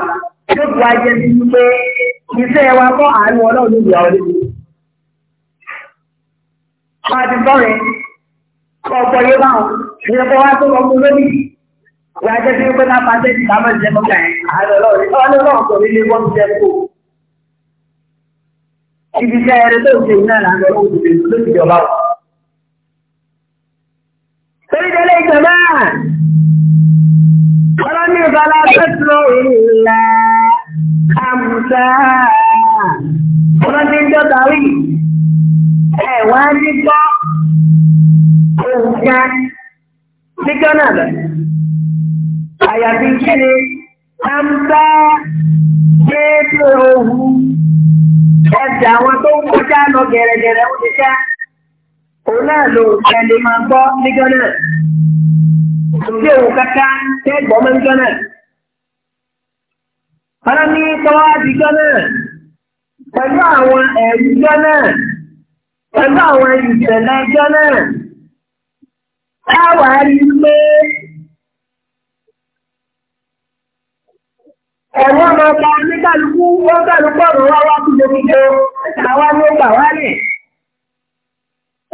tó bu ajẹ́ sí pé iṣẹ́ wa kọ́ àánú ọlọ́run ló yà ọ́ lórí. Wọ́n ti sọ̀rọ̀ kọ́ ọ̀pọ̀ yé báwọn ìrẹ́pọ̀ wa tó lọ fún lórí. Ìyá jẹ́ sí pé ká pàṣẹ ti ká mọ̀jẹ́ mọ́gà yẹn àánú ọlọ́run ọlọ́run náà kò ní lè wọ́n ti jẹ́ kó. Ibi iṣẹ́ ẹni tó ń ṣe ìnáyà lọ́wọ́ òṣèlú ló ti jama'a ọ̀rọ̀ ní ìbára pẹ́tùrọ̀ ìlà àmùsà ọ̀rọ̀ ní ìjọba rí ẹ̀wà nígbọ́ òǹkà nígbọ́ náà lọ àyàfi kíni àmùsà gbẹ́ẹ̀tẹ̀ ohun ẹ̀dà àwọn tó ń kọjá lọ gẹ̀rẹ̀gẹ̀rẹ̀ ó ti ká òun náà lò ń máa gbọ́ nígbọ́ sí ewu kaka tẹ́ gbọ́ mọ́ náà. Fara ní tọ́wọ́ àdìjọ́ náà, pẹ̀lú àwọn ẹ̀rùjọ́ náà, pẹ̀lú àwọn ìṣẹ̀lẹ̀ náà, táwà rí pé ẹ̀wọ́n ọmọ ọba nígbàlùkú ó gbàlùkú ọ̀rọ̀ wá wá kújokújo, àwa ló gbà wá rẹ̀.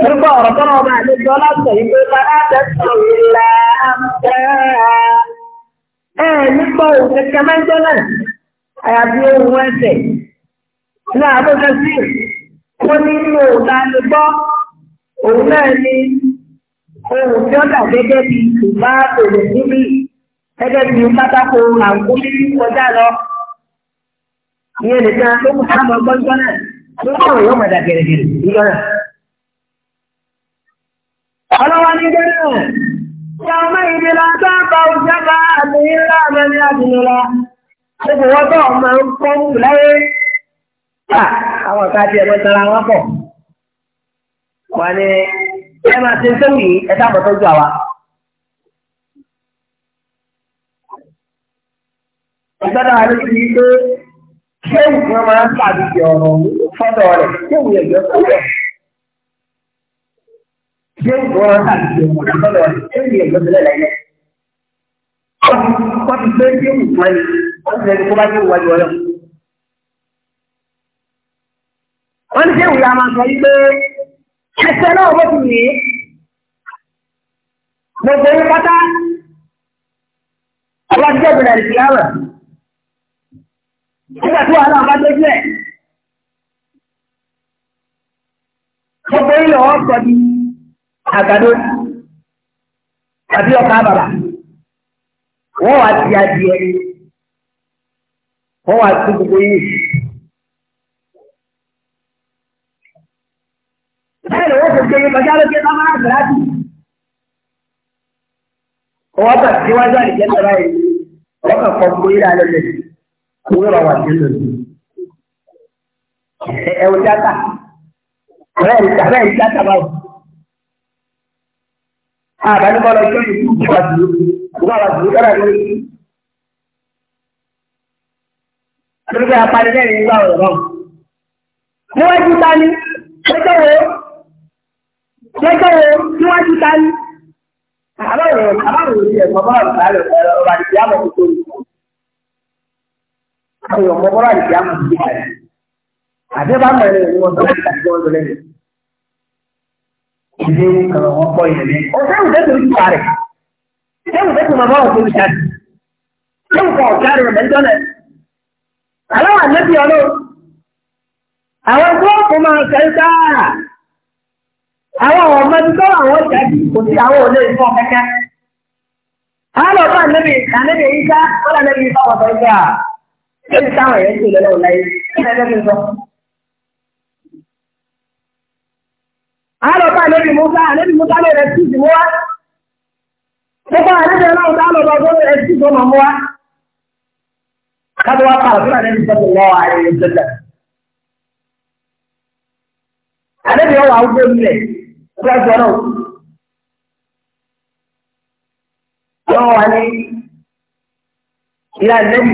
Nígbà ọ̀rọ̀ tọ́nà ọba àlejò ọlọ́sọ̀ yìí pé bàbá àtẹ̀sọ̀ ìlà àmọ́tẹ́. Ẹ nígbà òun kẹ̀kẹ́ náà, àyàbí ohun ẹsẹ̀. Ní àbúkọ sí, wọ́n ní inú òun náà gbọ́. Òun náà ní ohun tí ó dà gẹ́gẹ́ bí ìgbà òde níbí. Gẹ́gẹ́ bí pátákó àǹkú níbi kọjá lọ. Ìyẹn nìkan ló kù sáà mọ́ gbọ́njọ́ náà. Nígbà òun yóò mọ̀ dà gẹ̀rẹ̀gẹ̀rẹ̀ ọlọ́wọ́ ní gẹ́rẹ́ rẹ̀ ọmọ ìdílá sáàpá òjẹ́bá àti ilá àmẹ́rí àdínlá àwọn ọ̀ká tí tara wọn pọ̀ wà ní ẹ máa ṣe sẹ́wù yìí ẹ sáàpọ̀ jù àwa. ìgbádà wa ti ṣé ìwọ́n láti ṣe ìwọ̀n lọ́dọ̀ rẹ̀ ṣé ìyẹn ló bẹ̀rẹ̀ lẹ́yìn. wọ́n ti gbé bí ìwọ̀n ni wọ́n ti lẹ́nu kó bá yóò wájú ọlọ́. wọ́n ti ṣe ìwé àwọn àgbà yìí pé ẹsẹ̀ náà wọ́n ti yé gbogbo yín pátá wọ́n ti jẹ́ ìbẹ̀rẹ̀ ìfìyàwó. nígbà tí wàhálà bá dójú ẹ̀ gbogbo yín lọ́wọ́ sọ di àgbàdo àbí ọkà bàbà wọ́n wá ti adìẹ wọ́n wá ti gbogbo yìí. báyìí lọ́wọ́ kò kéye kọjá lókè bàbá náà bẹ̀rẹ̀ àti. wọ́n kà síwájú àdìjẹ́ bẹ̀rẹ̀ yìí wọ́n kà kọ́ gbogbo yìí lálẹ́ lẹ́sìn owó ìrọ̀ wà sí lòdì. ẹ ẹ wò játa ọ̀rẹ́ ìjáta báwo àbálẹ bọlọ ìjọ yìí kú bá dùn kú bá dùn kára lórí kí. àdúgbò apanilẹ́rìn ń gbà ọ̀rọ̀ náà. níwájú ta ni lọ́jọ́ wo lọ́jọ́ wo níwájú ta ni. àbáwò àbáwò yìí ẹ̀ mọ́ bọ́lá nǹkan àlọ́ ọ̀rọ̀ àdìsí àmọ̀ tuntun yìí. àwọn ọmọ bọ́lá àdìsí àmọ̀ tuntun yìí. àbí bá mọ̀ ẹ̀ ní wọn sọ ilé kan wọn kọ́ yẹn ní. ọ̀sẹ̀ ìwúdẹ́ tó ń jà rẹ̀ ṣé ìwúdẹ́ tó bàbá òkú ìjà rẹ̀ ṣé ìwúkọ̀ ọ̀gá rẹ̀ mẹ́jọ́ rẹ̀. àwọn àlẹ́bí ọlọ́ àwọn tó máa ṣe ká àwọn ọmọ ẹni àwọn ọjà kò sí àwọn òlé ìfọ̀ kẹ́kẹ́. àwọn ọ̀gá àlẹ́bí àárọ̀pá lórí Musa lórí Musa lórí rẹ̀ sí ìdìbò wa nípa àrẹ́bẹ̀ náà tá lọ́dọ̀ tó rẹ̀ sí ìdìbò mọ̀ wa. Kábọ̀ wa pa àdúrà lẹ́nu sọ́kù lọ́wọ́ àrẹ̀ ìjọba. Àrẹ́bẹ̀ ọwọ́ àwùjọ ilẹ̀ lọ́jọ́ náà. Lọ́wọ́ wa ní ìlà lẹ́nu.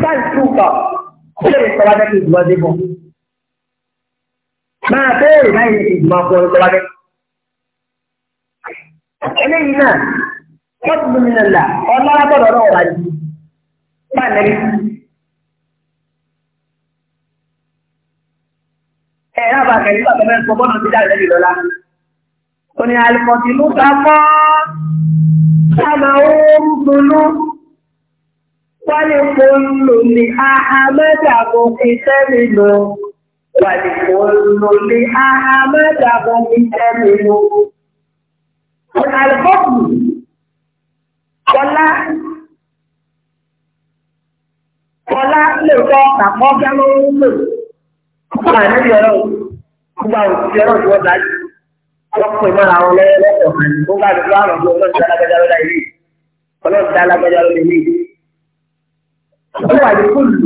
Sáà ìtúkọ̀ ó lè sọ wá dẹ́kun ìgbọ́dé bọ̀ máa béèrè láyé ìgbìmọ̀ ọkọ̀ ọ̀gbọ̀lágẹ́. eléyìí náà tọ́pù mi nàlà ọlọ́lábọ̀dọ̀ náà wà ní pàǹdẹ́rì. ẹ náà bá kẹ́lí bàbá mẹ́rin sọ bọ́nà ti dáre lẹ́yìn lọ́la. ó ní alikọ̀tì lúta kọ́ sábà ooru gbólú wálé polò ní ahamẹ́dàgbọ̀n ìṣẹ́lẹ̀ lọ. ولكل لأعمد بمثله الحكم Kọlá Kọlá lè kọ́ àpọ́ gánà ń lò. Ọ̀pọ̀ àìní ọ̀rọ̀ gbogbo àwọn òṣìṣẹ́ ọ̀rọ̀ tí wọ́n dájú. Wọ́n pè mọ́ra àwọn lẹ́yẹ̀lẹ́sọ̀ hàn ọlọ́run dá alágbájá lọ́la ilé. Ó wà ní kúlù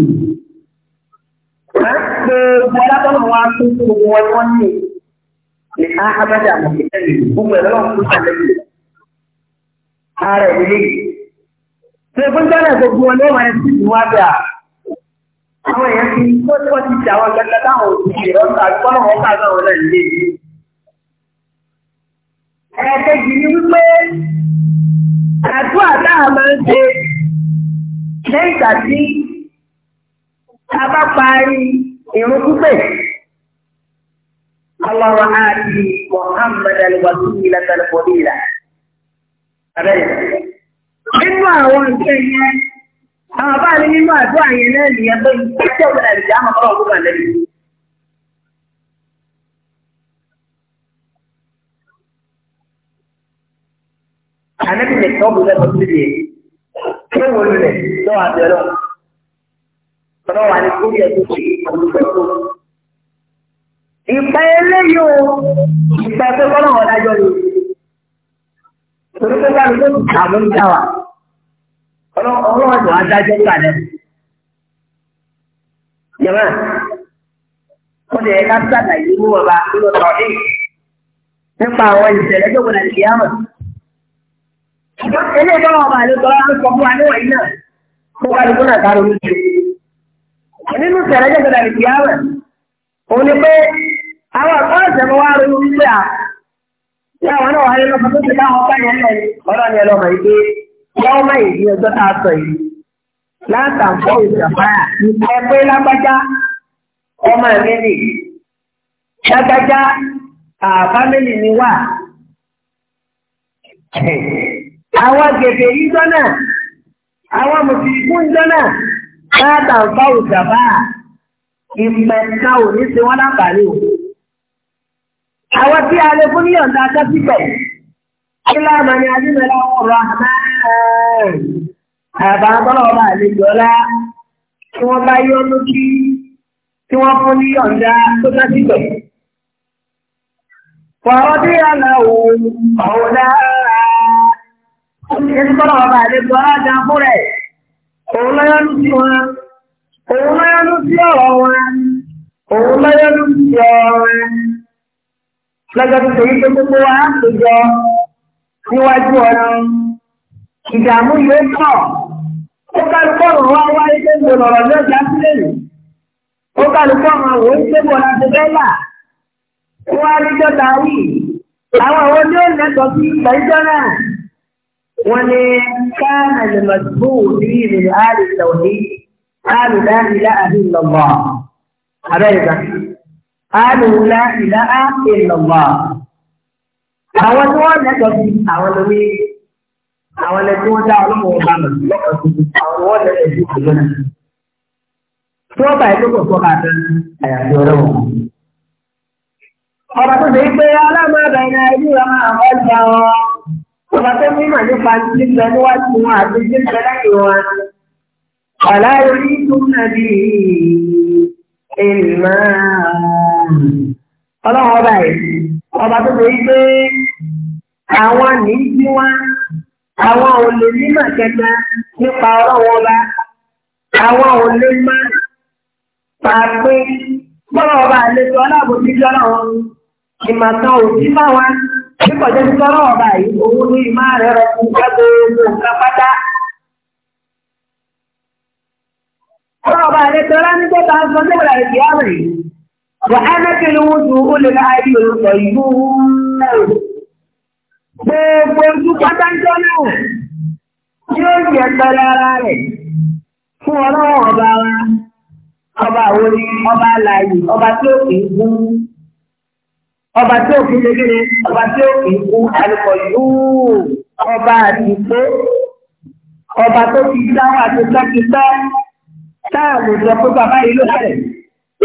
gbogbo alábọ̀nà wa tó gbogbo wọn ni wọ́n ní ní ahámẹ́dà mọ̀kẹ́tẹ́lì gbogbo ẹ̀rọ náà kú sàlẹ̀ yìí ara ẹ̀ lélẹ̀ ṣe fún jẹ́rẹ̀ gbogbo wọn lọ́wọ́ ẹ̀ sì wá bẹ̀ à àwọn èèyàn ti tó tí wọ́n ti ṣe àwọn gẹ́gẹ́ táwọn òṣìṣẹ́ ọ̀sà gbọ́nà wọn kà náà wọn náà lè ẹ̀ẹ́dẹ́gì ni wípé àdúrà náà máa ń ṣe lẹ́yìn ìgbà tá a bá parí ìrun pípé aláwa àti Muhammad al-wasila al-fadila abẹ́rẹ́ nínú àwọn nǹkan yẹn àwọn bá ní nínú àdúrà yẹn náà nìyẹn pé ìgbésẹ̀ òun àdìjà àwọn ọmọ ọgbọ́n àlẹ́ yìí. Ànábì lè tọ́ bu lẹ́nu síbi yìí. Kí wọ́n lulẹ̀ lọ́wọ́ àbẹ̀rẹ̀ ọlọ́wà ní kúrò ẹ̀kọ́ sí àlùfẹ́kọ́. Ìpẹ́ eléyìí o, ìpẹ́ pé kọ́nà wọn dájọ́ ni. Torí bá mi tó ti kà mú dá wa. tó wá dájọ́ gbà lẹ́. Yàrá, wọ́n lè ká sàdà yìí mú bàbá nínú tọ̀dí. Nípa àwọn ìṣẹ̀lẹ̀ tó gbọdọ̀ lè yámà. Eléyìí tó wà wà lóṣọ̀rọ̀ à sọ fún wa níwọ̀nyí náà. Mo bá dùkú náà ká ronú sí i nínú ìṣẹ̀lẹ̀ jẹ́ ìṣẹ̀lẹ̀ ìyáwẹ̀ òun ni pé àwọn àkọ́ ìṣẹ̀lẹ̀ wa ronú wípé à tí àwọn náà wáyé lọ́sọ̀ tó ti káwọn ọ̀pá yẹn lẹ̀ ọ̀rọ̀ ni ẹlọ́mọ yìí pé yọ́wọ́ má yìí di ọjọ́ tá a sọ yìí látàkọ́ ìṣàfáyà ẹgbẹ́ lágbájá ọmọ mi nì lágbájá àbámẹ́lì mi wà. àwọn gègé yìí jọ náà àwọn mùsùlùmí jọ náà káàtà ọ̀fà òjàmbá ìpẹ̀ka ò ní ṣe wọ́n láǹfààní o. Àwọn tí a lè fún ní ọ̀nà akẹ́síbẹ̀, ilé ọmọ ni Adúmọ̀lá ọ̀rọ̀ àmáàrùn. Àbá tọ́lọ̀ ọba àlejò ọlá tí wọ́n bá yọ lókí tí wọ́n fún ní ọ̀nà tó kẹ́síbẹ̀. Fọ̀rọ̀ bí ọ̀nà òun ọ̀hún náà. Ìṣèjọba ọba àlejò ọlá dá fún rẹ̀ òun yóò pọ̀ ó kálukọ̀rọ̀ wá wáyé pé ń lọ̀rọ̀ lọ́jà sílẹ̀ yìí ó kálukọ̀rọ̀ àwọn oníṣègùn ọ̀la ti fẹ́ wọ́n á rí jọ́ta wí àwọn àwọn oníṣègùn ẹ̀tọ́ sí ìgbà ìjọ náà. wani kana al-masbuhi min ahli tauhid قالوا لا إله إلا الله حبايبة قالوا لا إله إلا الله àwọn tí wọ́n lẹ́tọ̀ọ́ sí àwọn lórí àwọn ẹni tí wọ́n dá ọlọ́pàá ọba mọ̀ lọ́kàn tuntun àwọn wọ́n lẹ́tọ̀ọ́ sí ìgbẹ́ náà tí wọ́n bá yẹ kókò ka ká tán àyàfi ọ̀rẹ́ wọn. tó ṣe pé alámọ̀ ẹ̀bẹ̀ ni máa ń ọba tó mímọ̀ nípa jíjẹ níwájú wọn àti jíjẹ lẹ́yìn wọn. Ọ̀la orí túnmọ̀ bí ìmọ̀ ọlọ́run ọba yìí, ọba tó ṣe pé àwọn ní tí àwọn ò lè mímọ̀ kẹta nípa ọlọ́run ọba, àwọn ò lè má pàápín bọ́lá ọba àlejò aláàbò jíjẹ ọlọ́run ìmọ̀ kan ò sí bá wa. Nípọ̀jẹ́ ti tọ́rọ ọ̀bá yìí, òun ní ìmá rẹ̀ rọ fún gbogbo nǹkan pátá. Tọ́rọ ọ̀bá rẹ̀ tọ́rọ ní tó ta ń sọ nígbà ìdí àmì. Wà á mẹ́kẹ́ ni wọ́n ju ó lè máa rí olùkọ́ ìlú. Gbogbo ojú pátá ń tọ́ náà. Yóò yẹ pẹ̀lú ara rẹ̀ fún ọlọ́wọ́ ọba wa. Ọba àwọn ni ọba alàyè, ọba tí ó kì í gún ọba tí ó fi ṣe kí ni ọba tí ó fi kú àlùkò yóò ọba àdìgbò ọba tó fi dáwà tó sákìtá táàmù sọ pé bàbá yìí ló ṣẹlẹ̀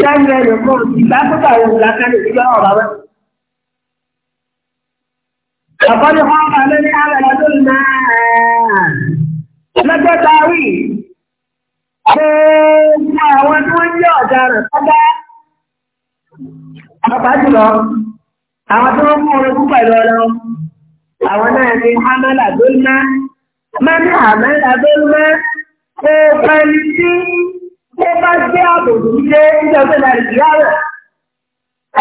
táàmù ẹ̀rọ kan ìgbà tó bá wù lákàlẹ̀ ìgbà ọ̀rọ̀ rẹ̀. Àkọ́ni wọn bá lórí àwẹ̀rẹ̀ lórí náà. Lọ́jọ́ ta wí, gbogbo àwọn tí wọ́n jẹ́ ọ̀daràn tó bá. Bàbá jùlọ, àwọn tó wọ́n mú orogún pẹ̀lú ọlọ́run àwọn náà ní hamala dolma mẹ́ni hamala dolma kó pẹ́ni tí ó bá jẹ́ àbòjú ṣe ìjọ tó dà rí ìyáwó.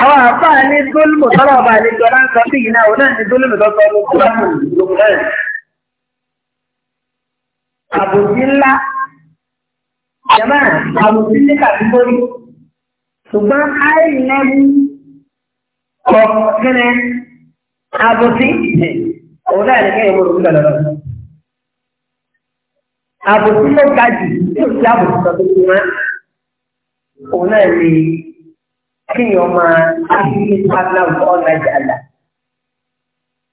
àwọn àfáà ní dolmo tọ́lọ̀ ọba àlejò ọlá ń sọ sí ìyìnà òun náà ní dolmo tó sọ ọdún tó bá mú ìlú náà. àbòjú ńlá jẹ́mọ́ àbòjú ní kàdúgbò ṣùgbọ́n àìlẹ́mú kọ kíni abosí òun náà ní kí ẹ̀yìn mọ̀rọ̀ nígbà lọ́dọ̀. Abosí ló ga jù yóò sí abosí kan tó kúrò náà. Òun náà ní kíyàn máa áfíríkì pátánà ọ̀hún náà jàdá.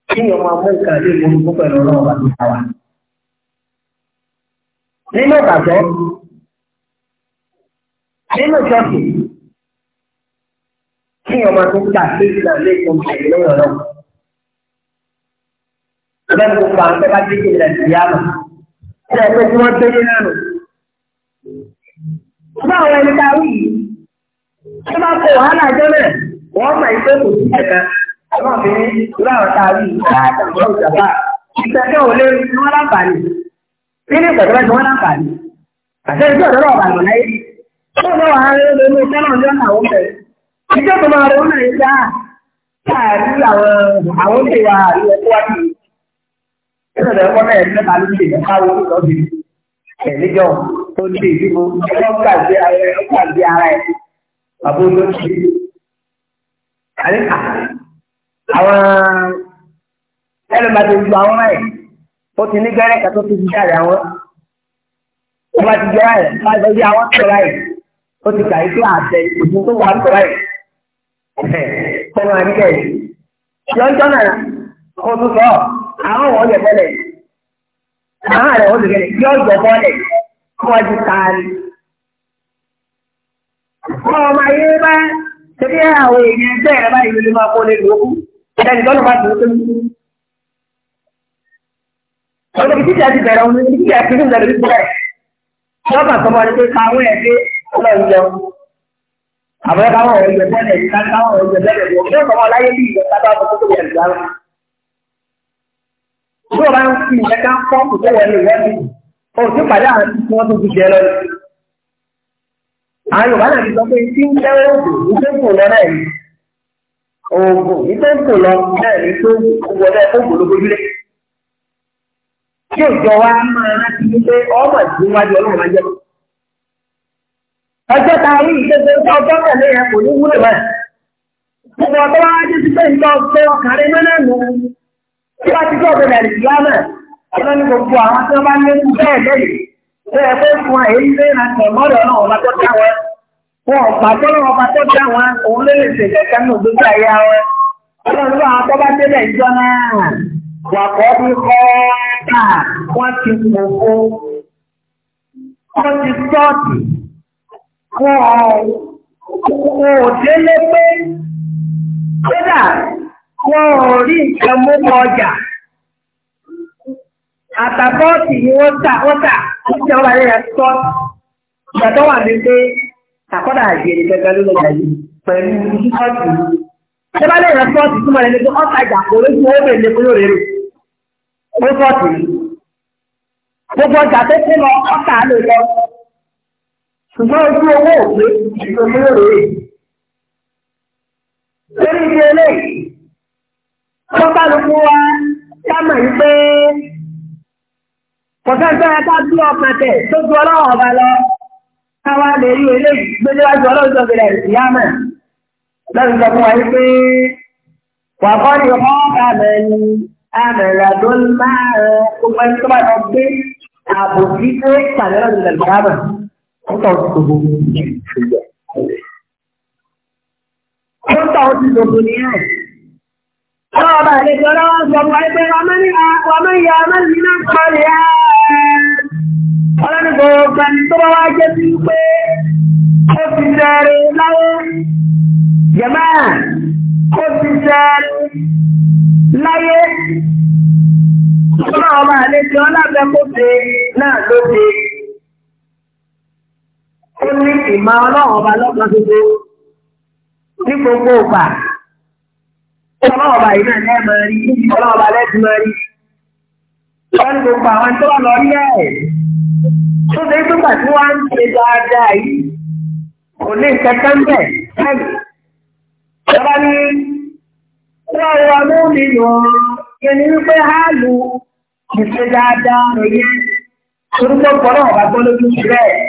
Kíyàn máa mú nǹkan lé ìmúlùkú pẹ̀lú ọlọ́run bàbá ìta wa. Nínú ìgbàgbọ́, nínú ìjọsìn, kí ọmọ tó gbà sí ìlànà ilé ìtọ́jú ẹ̀yìn lọ́yọ̀ lọ. Bẹ́ẹ̀ni gbogbo àwọn tẹ́lá dé ìlẹ̀ ìyá lọ. Ṣé ẹgbẹ́ tí wọ́n tẹ́lẹ̀ náà nù? Ṣé àwọn ẹni ta wí yìí? Ṣé máa kó wàhálà jẹ́ bẹ́ẹ̀? Wọ́n mọ̀ ìfẹ́ kò sí ẹ̀ka. Àwọn obìnrin ìlú àwọn ta wí yìí láàtàwọn ìjàmbá. Ìṣẹ̀lẹ̀ ò lè ní wọ́n láǹfààní. Nínú ìgbàgbọ́ ni wọ́n láǹfààní. Àṣẹ ìjọ́ ọ̀dọ́ Ìjọ́ tó máa ronú ìjà káàkiri àwọn àwọn oúnjẹ wa ilẹ̀ tó wá kiri. Ẹ̀sọ̀ tẹ̀ ọkọ náà ẹ̀dínlẹ́ta ló lè nípa owó tó lọ́ọ́ bìí. Ẹ̀níjọ́ tó ní ìdíbò ọlọ́ọ̀kà gbé ara ẹ̀ bàbá olóṣèlú. Àríkà àwọn ẹlẹ́màá ti gba àwọn ẹ̀ ó ti ní gẹ́rẹ́ kan tó ti fi jáde àwọn. Wọ́n bá ti jẹ́ ẹ̀ bá ti jẹ́ àwọn tó ra ó ti kà í pé àtẹ ìdùnnú tó wà ń tọ́ra ẹ̀. Sọ́nà àdìgẹ́ yìí. Lọ́jọ́ náà, o tún sọ, àwọn wọ̀nyẹ bọ́lẹ̀. Àwọn àrẹ̀ wọ́n lùgẹ́lẹ̀ yóò jọ bọ́lẹ̀ kí wọ́n ti taari. Wọ́n máa yé bá ṣẹ́bí àwọn èèyàn ẹgbẹ́ rẹ̀ báyìí ló lè máa kó lè lókù. Ìdájọ́ tọ́lọ̀ bá tòótọ́ ní. Olóbi títí àti bẹ̀rẹ̀ ọ̀hún ní títí àti bẹ̀rẹ̀ ọ̀hún ní bẹ̀rẹ̀ àbúrò káwọn ọ̀rọ̀ ìgbẹ́ tẹ́lẹ̀ ní ká káwọn ọ̀rọ̀ ìgbẹ́ tẹ́lẹ̀ wọ́n yóò kọ́mọ láyé bí ìgbẹ́ sábà tó tó yẹ lùdá rẹ̀. o bá ń fi ìgbẹ́ ká pọ́ǹpù tó wọlé ìwọ́dì o ti pàdé àwọn tí wọ́n tó ti jẹ lọ. àwọn Yorùbá náà ti sọ pé tí ń jẹ́ oògùn ní tó ń kò lọ náà ní oògùn ní tó ń kò lọ náà ní tó wọlé oògùn ló gbójúlé. kí òjò wa máa ẹjọ́ ta rí ìgbésẹ̀ ọjọ́ pẹ̀lú ẹ̀ kò ní wúlò ẹ̀. Gbogbo ọ̀tọ́ wá dé sí pé ìjọ pé ọkàrin mẹ́lẹ̀ nù. Tí wá ti jọ́ ọ̀gbẹ̀ rẹ̀ ìyá náà, ọ̀tọ́ ní gbogbo àwọn tí wọ́n bá lé ní bẹ́ẹ̀ lẹ́yìn. Ṣé ẹ pé fún èyí lé na tẹ̀ mọ́rọ̀ náà ọba tó dá wọn? Wọn lè lè ṣèṣẹ̀ kánú ògbésí ayé wọn. Ọlọ́run àwọn tó bá débẹ̀ ìjọ náà, wà kọ́ wọn ni wọ́n tà wọ́n tà wọ́n ti rẹ̀ sọ ìgbà wà ní pé àkọ́dà àjèrè gẹ́gẹ́ ló lọ́jà yìí pẹ̀lú ìdíkọ́ọ̀tì ṣé bá lè rẹ̀ sọ́ọ̀tì tó kú lọ ọ̀tà lè ṣùgbọ́n ojú owó òpé ìṣòro rèé. Lórí ibi eléyìí, wọ́n kálukú wa dámọ̀ yìí pé kò sẹ́ńtẹ́ ẹ̀ka bí ọkàn tẹ̀ tó ju ọlọ́wọ́ ọba lọ. Káwa lè rí eléyìí gbé níwájú ọlọ́jọ́ bẹ̀rẹ̀ ìyámà. Lọ́run sọ fún wa yìí pé wà kọ́ ni ọ̀ọ́ka mẹ́ni àmẹ́lá tó ń máa ń gbé àbòsí tó pàdé lọ́dún lẹ́gbẹ̀rẹ́ kọ́tà ọtí gbogbo ní ìṣèjọ. kọ́tà ọtí gbogbo ní ẹ̀. Ọlọ́run bá ilé ìjọba sọ fún ẹgbẹ́ ọmọ nílá ọmọ ìyá gbogbo ẹni tó bá wá jẹ́ sí pé ó ti sẹ́rẹ̀ láyé. Jẹ̀má ó ti sẹ́rẹ̀ láyé. Ọlọ́run bá ilé ìjọba lábẹ́ kó ṣe ó ní ìmọ̀ ọlọ́run ọba lọ́gbọ́n gbogbo ní gbogbo ògbà ọlọ́run ọba yìí náà lẹ́ẹ̀ máa rí ọlọ́run ọba lẹ́ẹ̀ ti máa rí wọ́n ní gbogbo àwọn tó lọ rí ẹ̀ tó ṣe tó gbà tí wọ́n ń ṣe dáadáa yìí kò ní kẹ̀kẹ́ ń bẹ̀ sẹ́yìn ọba ní wọ́n wọ lórí lọ yẹn ní wípé háàlù ìṣe dáadáa rẹ̀ yẹn torí tó gbọ́dọ̀ ọba gbọ́dọ̀ tó ṣe bẹ́ẹ̀.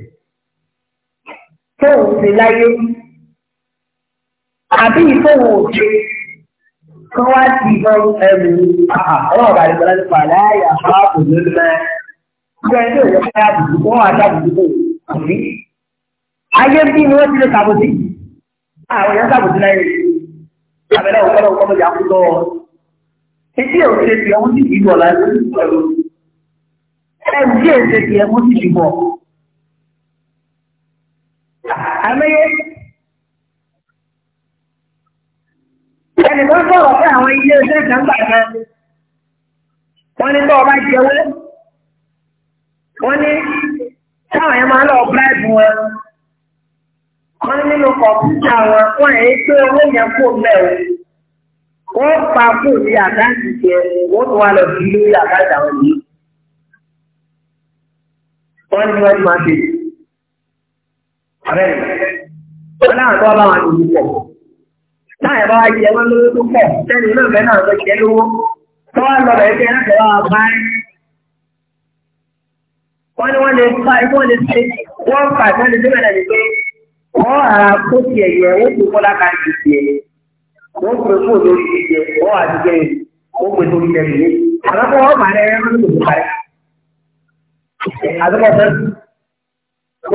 tóun ṣe láyé àbí ìfowó òde kan wá di ìbọn ẹrù àwọn ọ̀rọ̀ àdìgbọ́lá nípa láàyè àbáàbò lónìí náà gbogbo ẹni tó yẹ ká àbùkù wọn wà sábùkù kò sí. ayé bí ni wọ́n ti lè sàbòsí àwọn èèyàn sàbòsí láyé àbẹ̀lẹ̀ òkúta òkúta ìyá kú lọ́wọ́ etí òṣèlú ẹ̀wọ̀n sì kì í bọ̀ láti ẹ̀rù tí èsè tiẹ̀ mú sì kì í bọ̀ àmẹ́yẹ. Ẹnìkan sọ̀rọ̀ pé àwọn ilé iṣẹ́ ìjàmbá kan wọ́n ní bọ́ ọba jẹ́wọ́. Wọ́n ní táwọn yẹn máa lọ bíráìbù wọn. Wọ́n ní nínú kọ̀ọ̀pútà wọn, wọ́n yẹn pé owó yẹn kò mẹ́wọ̀. Wọ́n pa kò ní àkáǹtì jẹ, wọ́n tún wá lọ sí ilé àkáǹtì yìí. Wọ́n ní wọ́n ti máa tètè. abẹ́rẹ́ ọlọ́run tó bá wọn lòdì pọ̀ táyà bá yẹ wọn lówó tó pọ̀ sẹ́ni náà bẹ́ẹ̀ náà lọ jẹ́ lówó tọ́wọ́ lọ bẹ̀rẹ̀ tẹ́ náà tẹ́wọ́ àbáyé wọ́n ní wọ́n lè ara kó tiẹ̀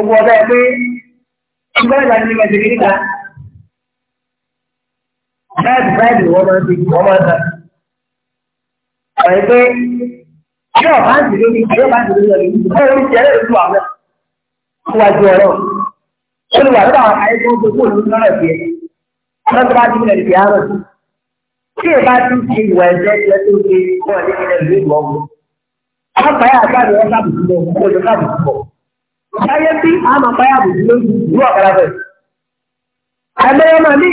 yẹ wọ́n kó ṣùgbọ́n ìlànà ìlú ẹ̀jẹ̀ kìíní báyìí báyìí wọ́n máa ń fi wọ́n máa ń tà. Ọ̀rẹ́ pé ṣé ọ̀bá ń dìde ní Ṣáyé bí a máa báyà bò lójú ìlú ọ̀kadà bẹ̀. Àìmọye máa ní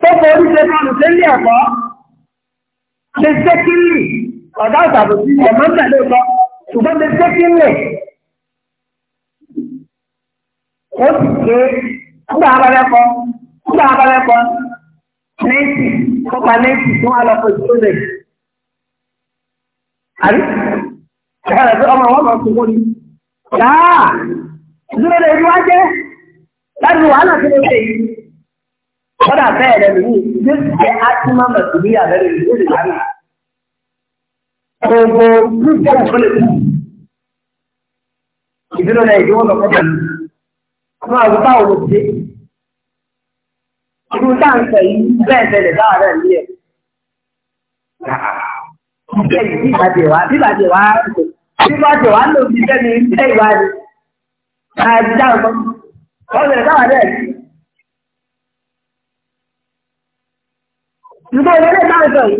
tó forí ṣe fún olùsẹ́lẹ̀ ẹ̀kọ́ ṣe ṣé kí lì ọ̀dá ìṣàbò sí ọ̀mọ́ ń tẹ̀lé lọ ṣùgbọ́n ṣe ṣé kí lì. Ó sì ṣe ọgbà abalẹ́kọ ọgbà abalẹ́kọ nẹ́ẹ̀sì kópa nẹ́ẹ̀sì fún alọ́pọ̀ ìṣòro. Àbí? Ẹ̀rọ ọmọ wọn máa sunkún ni. Yáà, ìdúró lè rí wá jẹ́ láti wàhálà tí ó lè yí. Kọ́dà bẹ́ẹ̀ lẹ́nu yìí, yóò sì jẹ́ Átímá Màtúbíyà lẹ́nu yìí lórí lánà. Gbogbo gbogbo nǹkan lè kú. Ìdúró lè rí wọ́n lọ kọ́dà ní. Àwọn àgùntà òwò ṣe. Irú táǹkà yìí bẹ́ẹ̀ bẹ̀rẹ̀ báwa náà nílẹ̀. Ìjẹ́ ìdí ìbàdí bí wọ́n ti wá lò bí sẹ́ni ilé ìwádìí àìjá ọ̀tọ́ ọ̀rọ̀ ẹ̀ káwà bẹ́ẹ̀. Nígbà wo lè máa sọ yìí?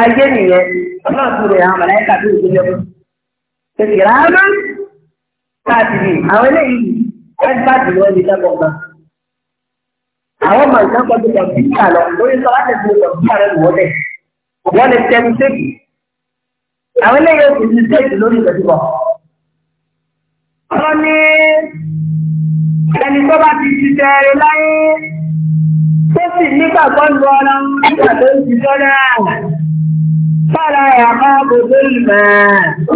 Ayé nìyẹn, ọlọ́run ti rẹ̀ àwọn mọ̀láyíkà tó ìdílé ọkọ̀. Kèsì rárá káàkiri àwọn eléyìí ẹgbàá ti wọ́n di sẹ́kọ̀ọ́ kan. Àwọn ọmọ ìsẹ́kọ̀ọ́ ti kọ̀ bí kà lọ, orí sọ láti fi kọ̀ bí kà lọ lùwọ́ bẹ̀. Wọ́n lè tẹ́ mi sékìí àwọn eléyìí ti ní déètì lórí ìgbẹ̀dúgbọ̀. wọ́n ní ẹni tó bá ti ti tẹ̀rẹ̀ láyé tó sì nígbàgbọ́ lu ọ̀la nígbà tó ń ti tọ́lá fọ́lá ẹ̀ àmọ́ gbogbo ìmọ̀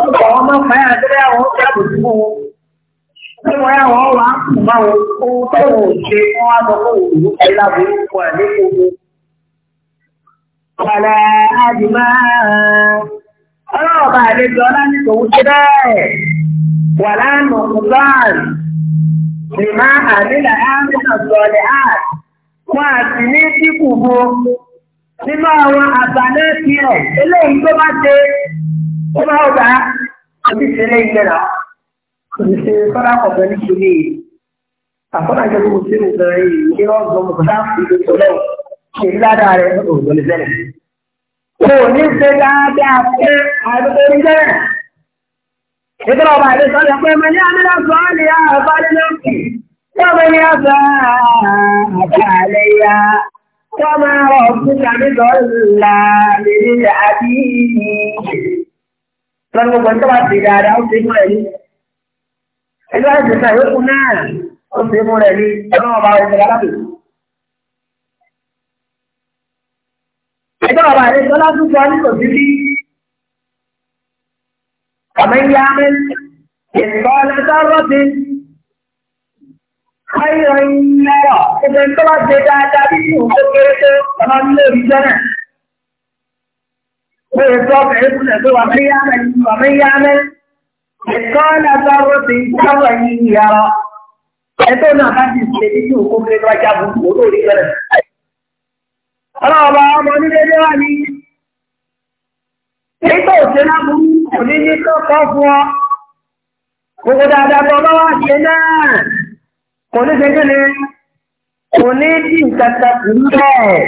ọ̀pọ̀ ọmọ fẹ́ àdúrà àwọn ó jábò sí fún wọn. Ṣé wọ́n yà wọ́n wà á kù máa wọn ohun tó wò ó ṣe fún wa lọ fún òwò ìlàbò ìfọ̀ àlékòó. Fọ́lá àdìmáà ọlọ́ọ̀bà àlejò ọlá ní kò bẹ́ẹ̀ wà lánàá kùbáàn lè máa àdílà ámìnà sọ̀lẹ̀ áàt wọn àti ní kíkù bo nínú àwọn àbáná tiẹ̀ eléyìí tó bá ṣe ó bá ó bá àbí ṣe eléyìí sọ́dá kọ̀ọ̀kan ní ṣe àkọ́nàjọ gbogbo sínú yìí ní ọgbọ̀n mọ̀kọ́dá ìdókòlẹ́wọ̀ ṣe kò ní ṣe dáadáa pé àìbẹ̀rẹ̀ jẹ́. Ìtọ́rọ ọba ìlú sọ́lẹ̀ pé mẹ ní àmìlá sọ́ọ̀lì àbálẹ́ lókè, tó mẹ ní àṣà àbálẹ́ ya, tó máa rọ̀ fún àmìlọ́ ńlá lèlè àbí. Lọ́nà gbogbo tó bá ti dáadáa ó ti mú rẹ̀ ní. Ẹgbẹ́ àìsàn ìwé kún náà ó ti mú rẹ̀ ní ọlọ́run ọba ọ̀gbìn alábìsí. bàbá rẹ̀ tọ́lá tún sọ ní tòbíbí. Kàmí yá mi ìtọ́lẹ̀ sọ́rọ́tì. Ayọ̀ ìyẹ̀wọ̀ ìgbẹ́ tó bá ṣe dáadáa bí kò tó kéré tó ọmọ nílé ìjọ náà. Mo lè sọ ọkùnrin kúnlẹ̀ wà mí yá mi wà mí ti ṣe nínú kókéré ọlọ́ọ̀bá ọmọ onídéédé wà ní nígbà òṣè lábúrú kò ní ní kọ́kọ́ fún ọ gbogbo dáadáa tó bá wà ṣe náà kò ní ṣe kéde kò ní dì kàkà kù ń bẹ́ẹ̀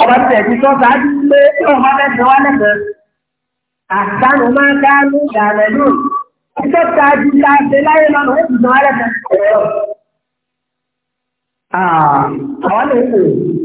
ọba tẹ̀ ti sọ sáájú pé ọba mẹ́ta wà lẹ́fẹ̀ẹ́ àtànù máa ń dánú ìlànà lóò ìjọ tájú ká ṣe láyé lọ́nà ó sì sọ wà lẹ́fẹ̀ẹ́ àwọn lè pè é.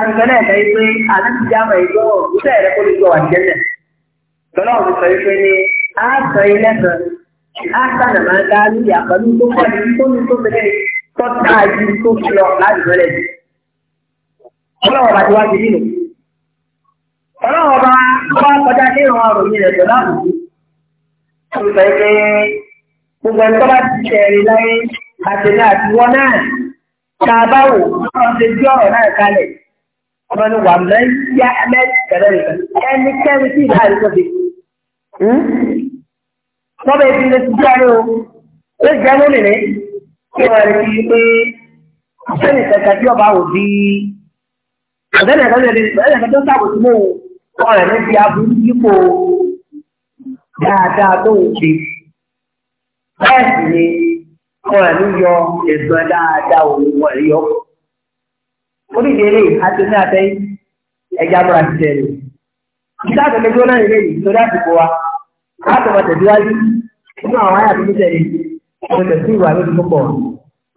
àgbẹ̀lẹ̀ ẹ̀ka yìí pé àlàáfíà máa ń gbọ́ òṣìṣẹ́ rẹ̀ kó lè gbọ́ wà jẹ́lẹ̀. Lọ́nà sọ yìí ní a sọ kan, a sànà máa dá lóyà pẹ̀lú tó kọ́ ni tó ní tó fẹ́lẹ́ tó tá a ju tó fi lọ láti mẹ́lẹ̀ jù. Ọlọ́wọ́ bá ti wá sí nínú. Ọlọ́wọ́ bá wá kọjá ní ìrọ̀ ọ̀rọ̀ mi rẹ̀ jọ sọ yìí gbogbo ẹni tó ọba ni wà mẹ́yà mẹ́tẹ̀lẹ́ ẹnikẹ́ni tí ìlà àríkọ́ hmm? ti tọ́bẹ̀ tí lè ti jáde o ó jẹ́ lónìí ní kí wọ́n rí i pé sẹ́ni kẹta tí ọba ò di ọ̀dẹ́ni ẹ̀ka tó ẹ̀ka tó sábò tí mò ń kọ́ rẹ̀ aburú yípo dáadáa tó ń ṣe bẹ́ẹ̀ sì ni yọ ẹ̀gbọ́n dáadáa òun wọ̀ yọ. onídìrí àti ní àtẹ́yìn ẹja múra ti tẹ̀ lé. Ìsáàtò lè gbóná ilé yìí lórí àsìkò wa. Láti ọmọ nínú àwọn àyà tó ń tẹ̀lé mo tẹ̀sí ìwà lórí púpọ̀.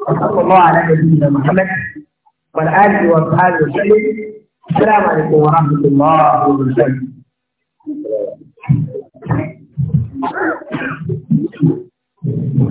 Ọ̀sánpọ̀ mọ́ Mohammed. Wọ́n á di lò sílé. Ìṣẹ́lẹ̀ àmàlẹ́ kò wọ́n á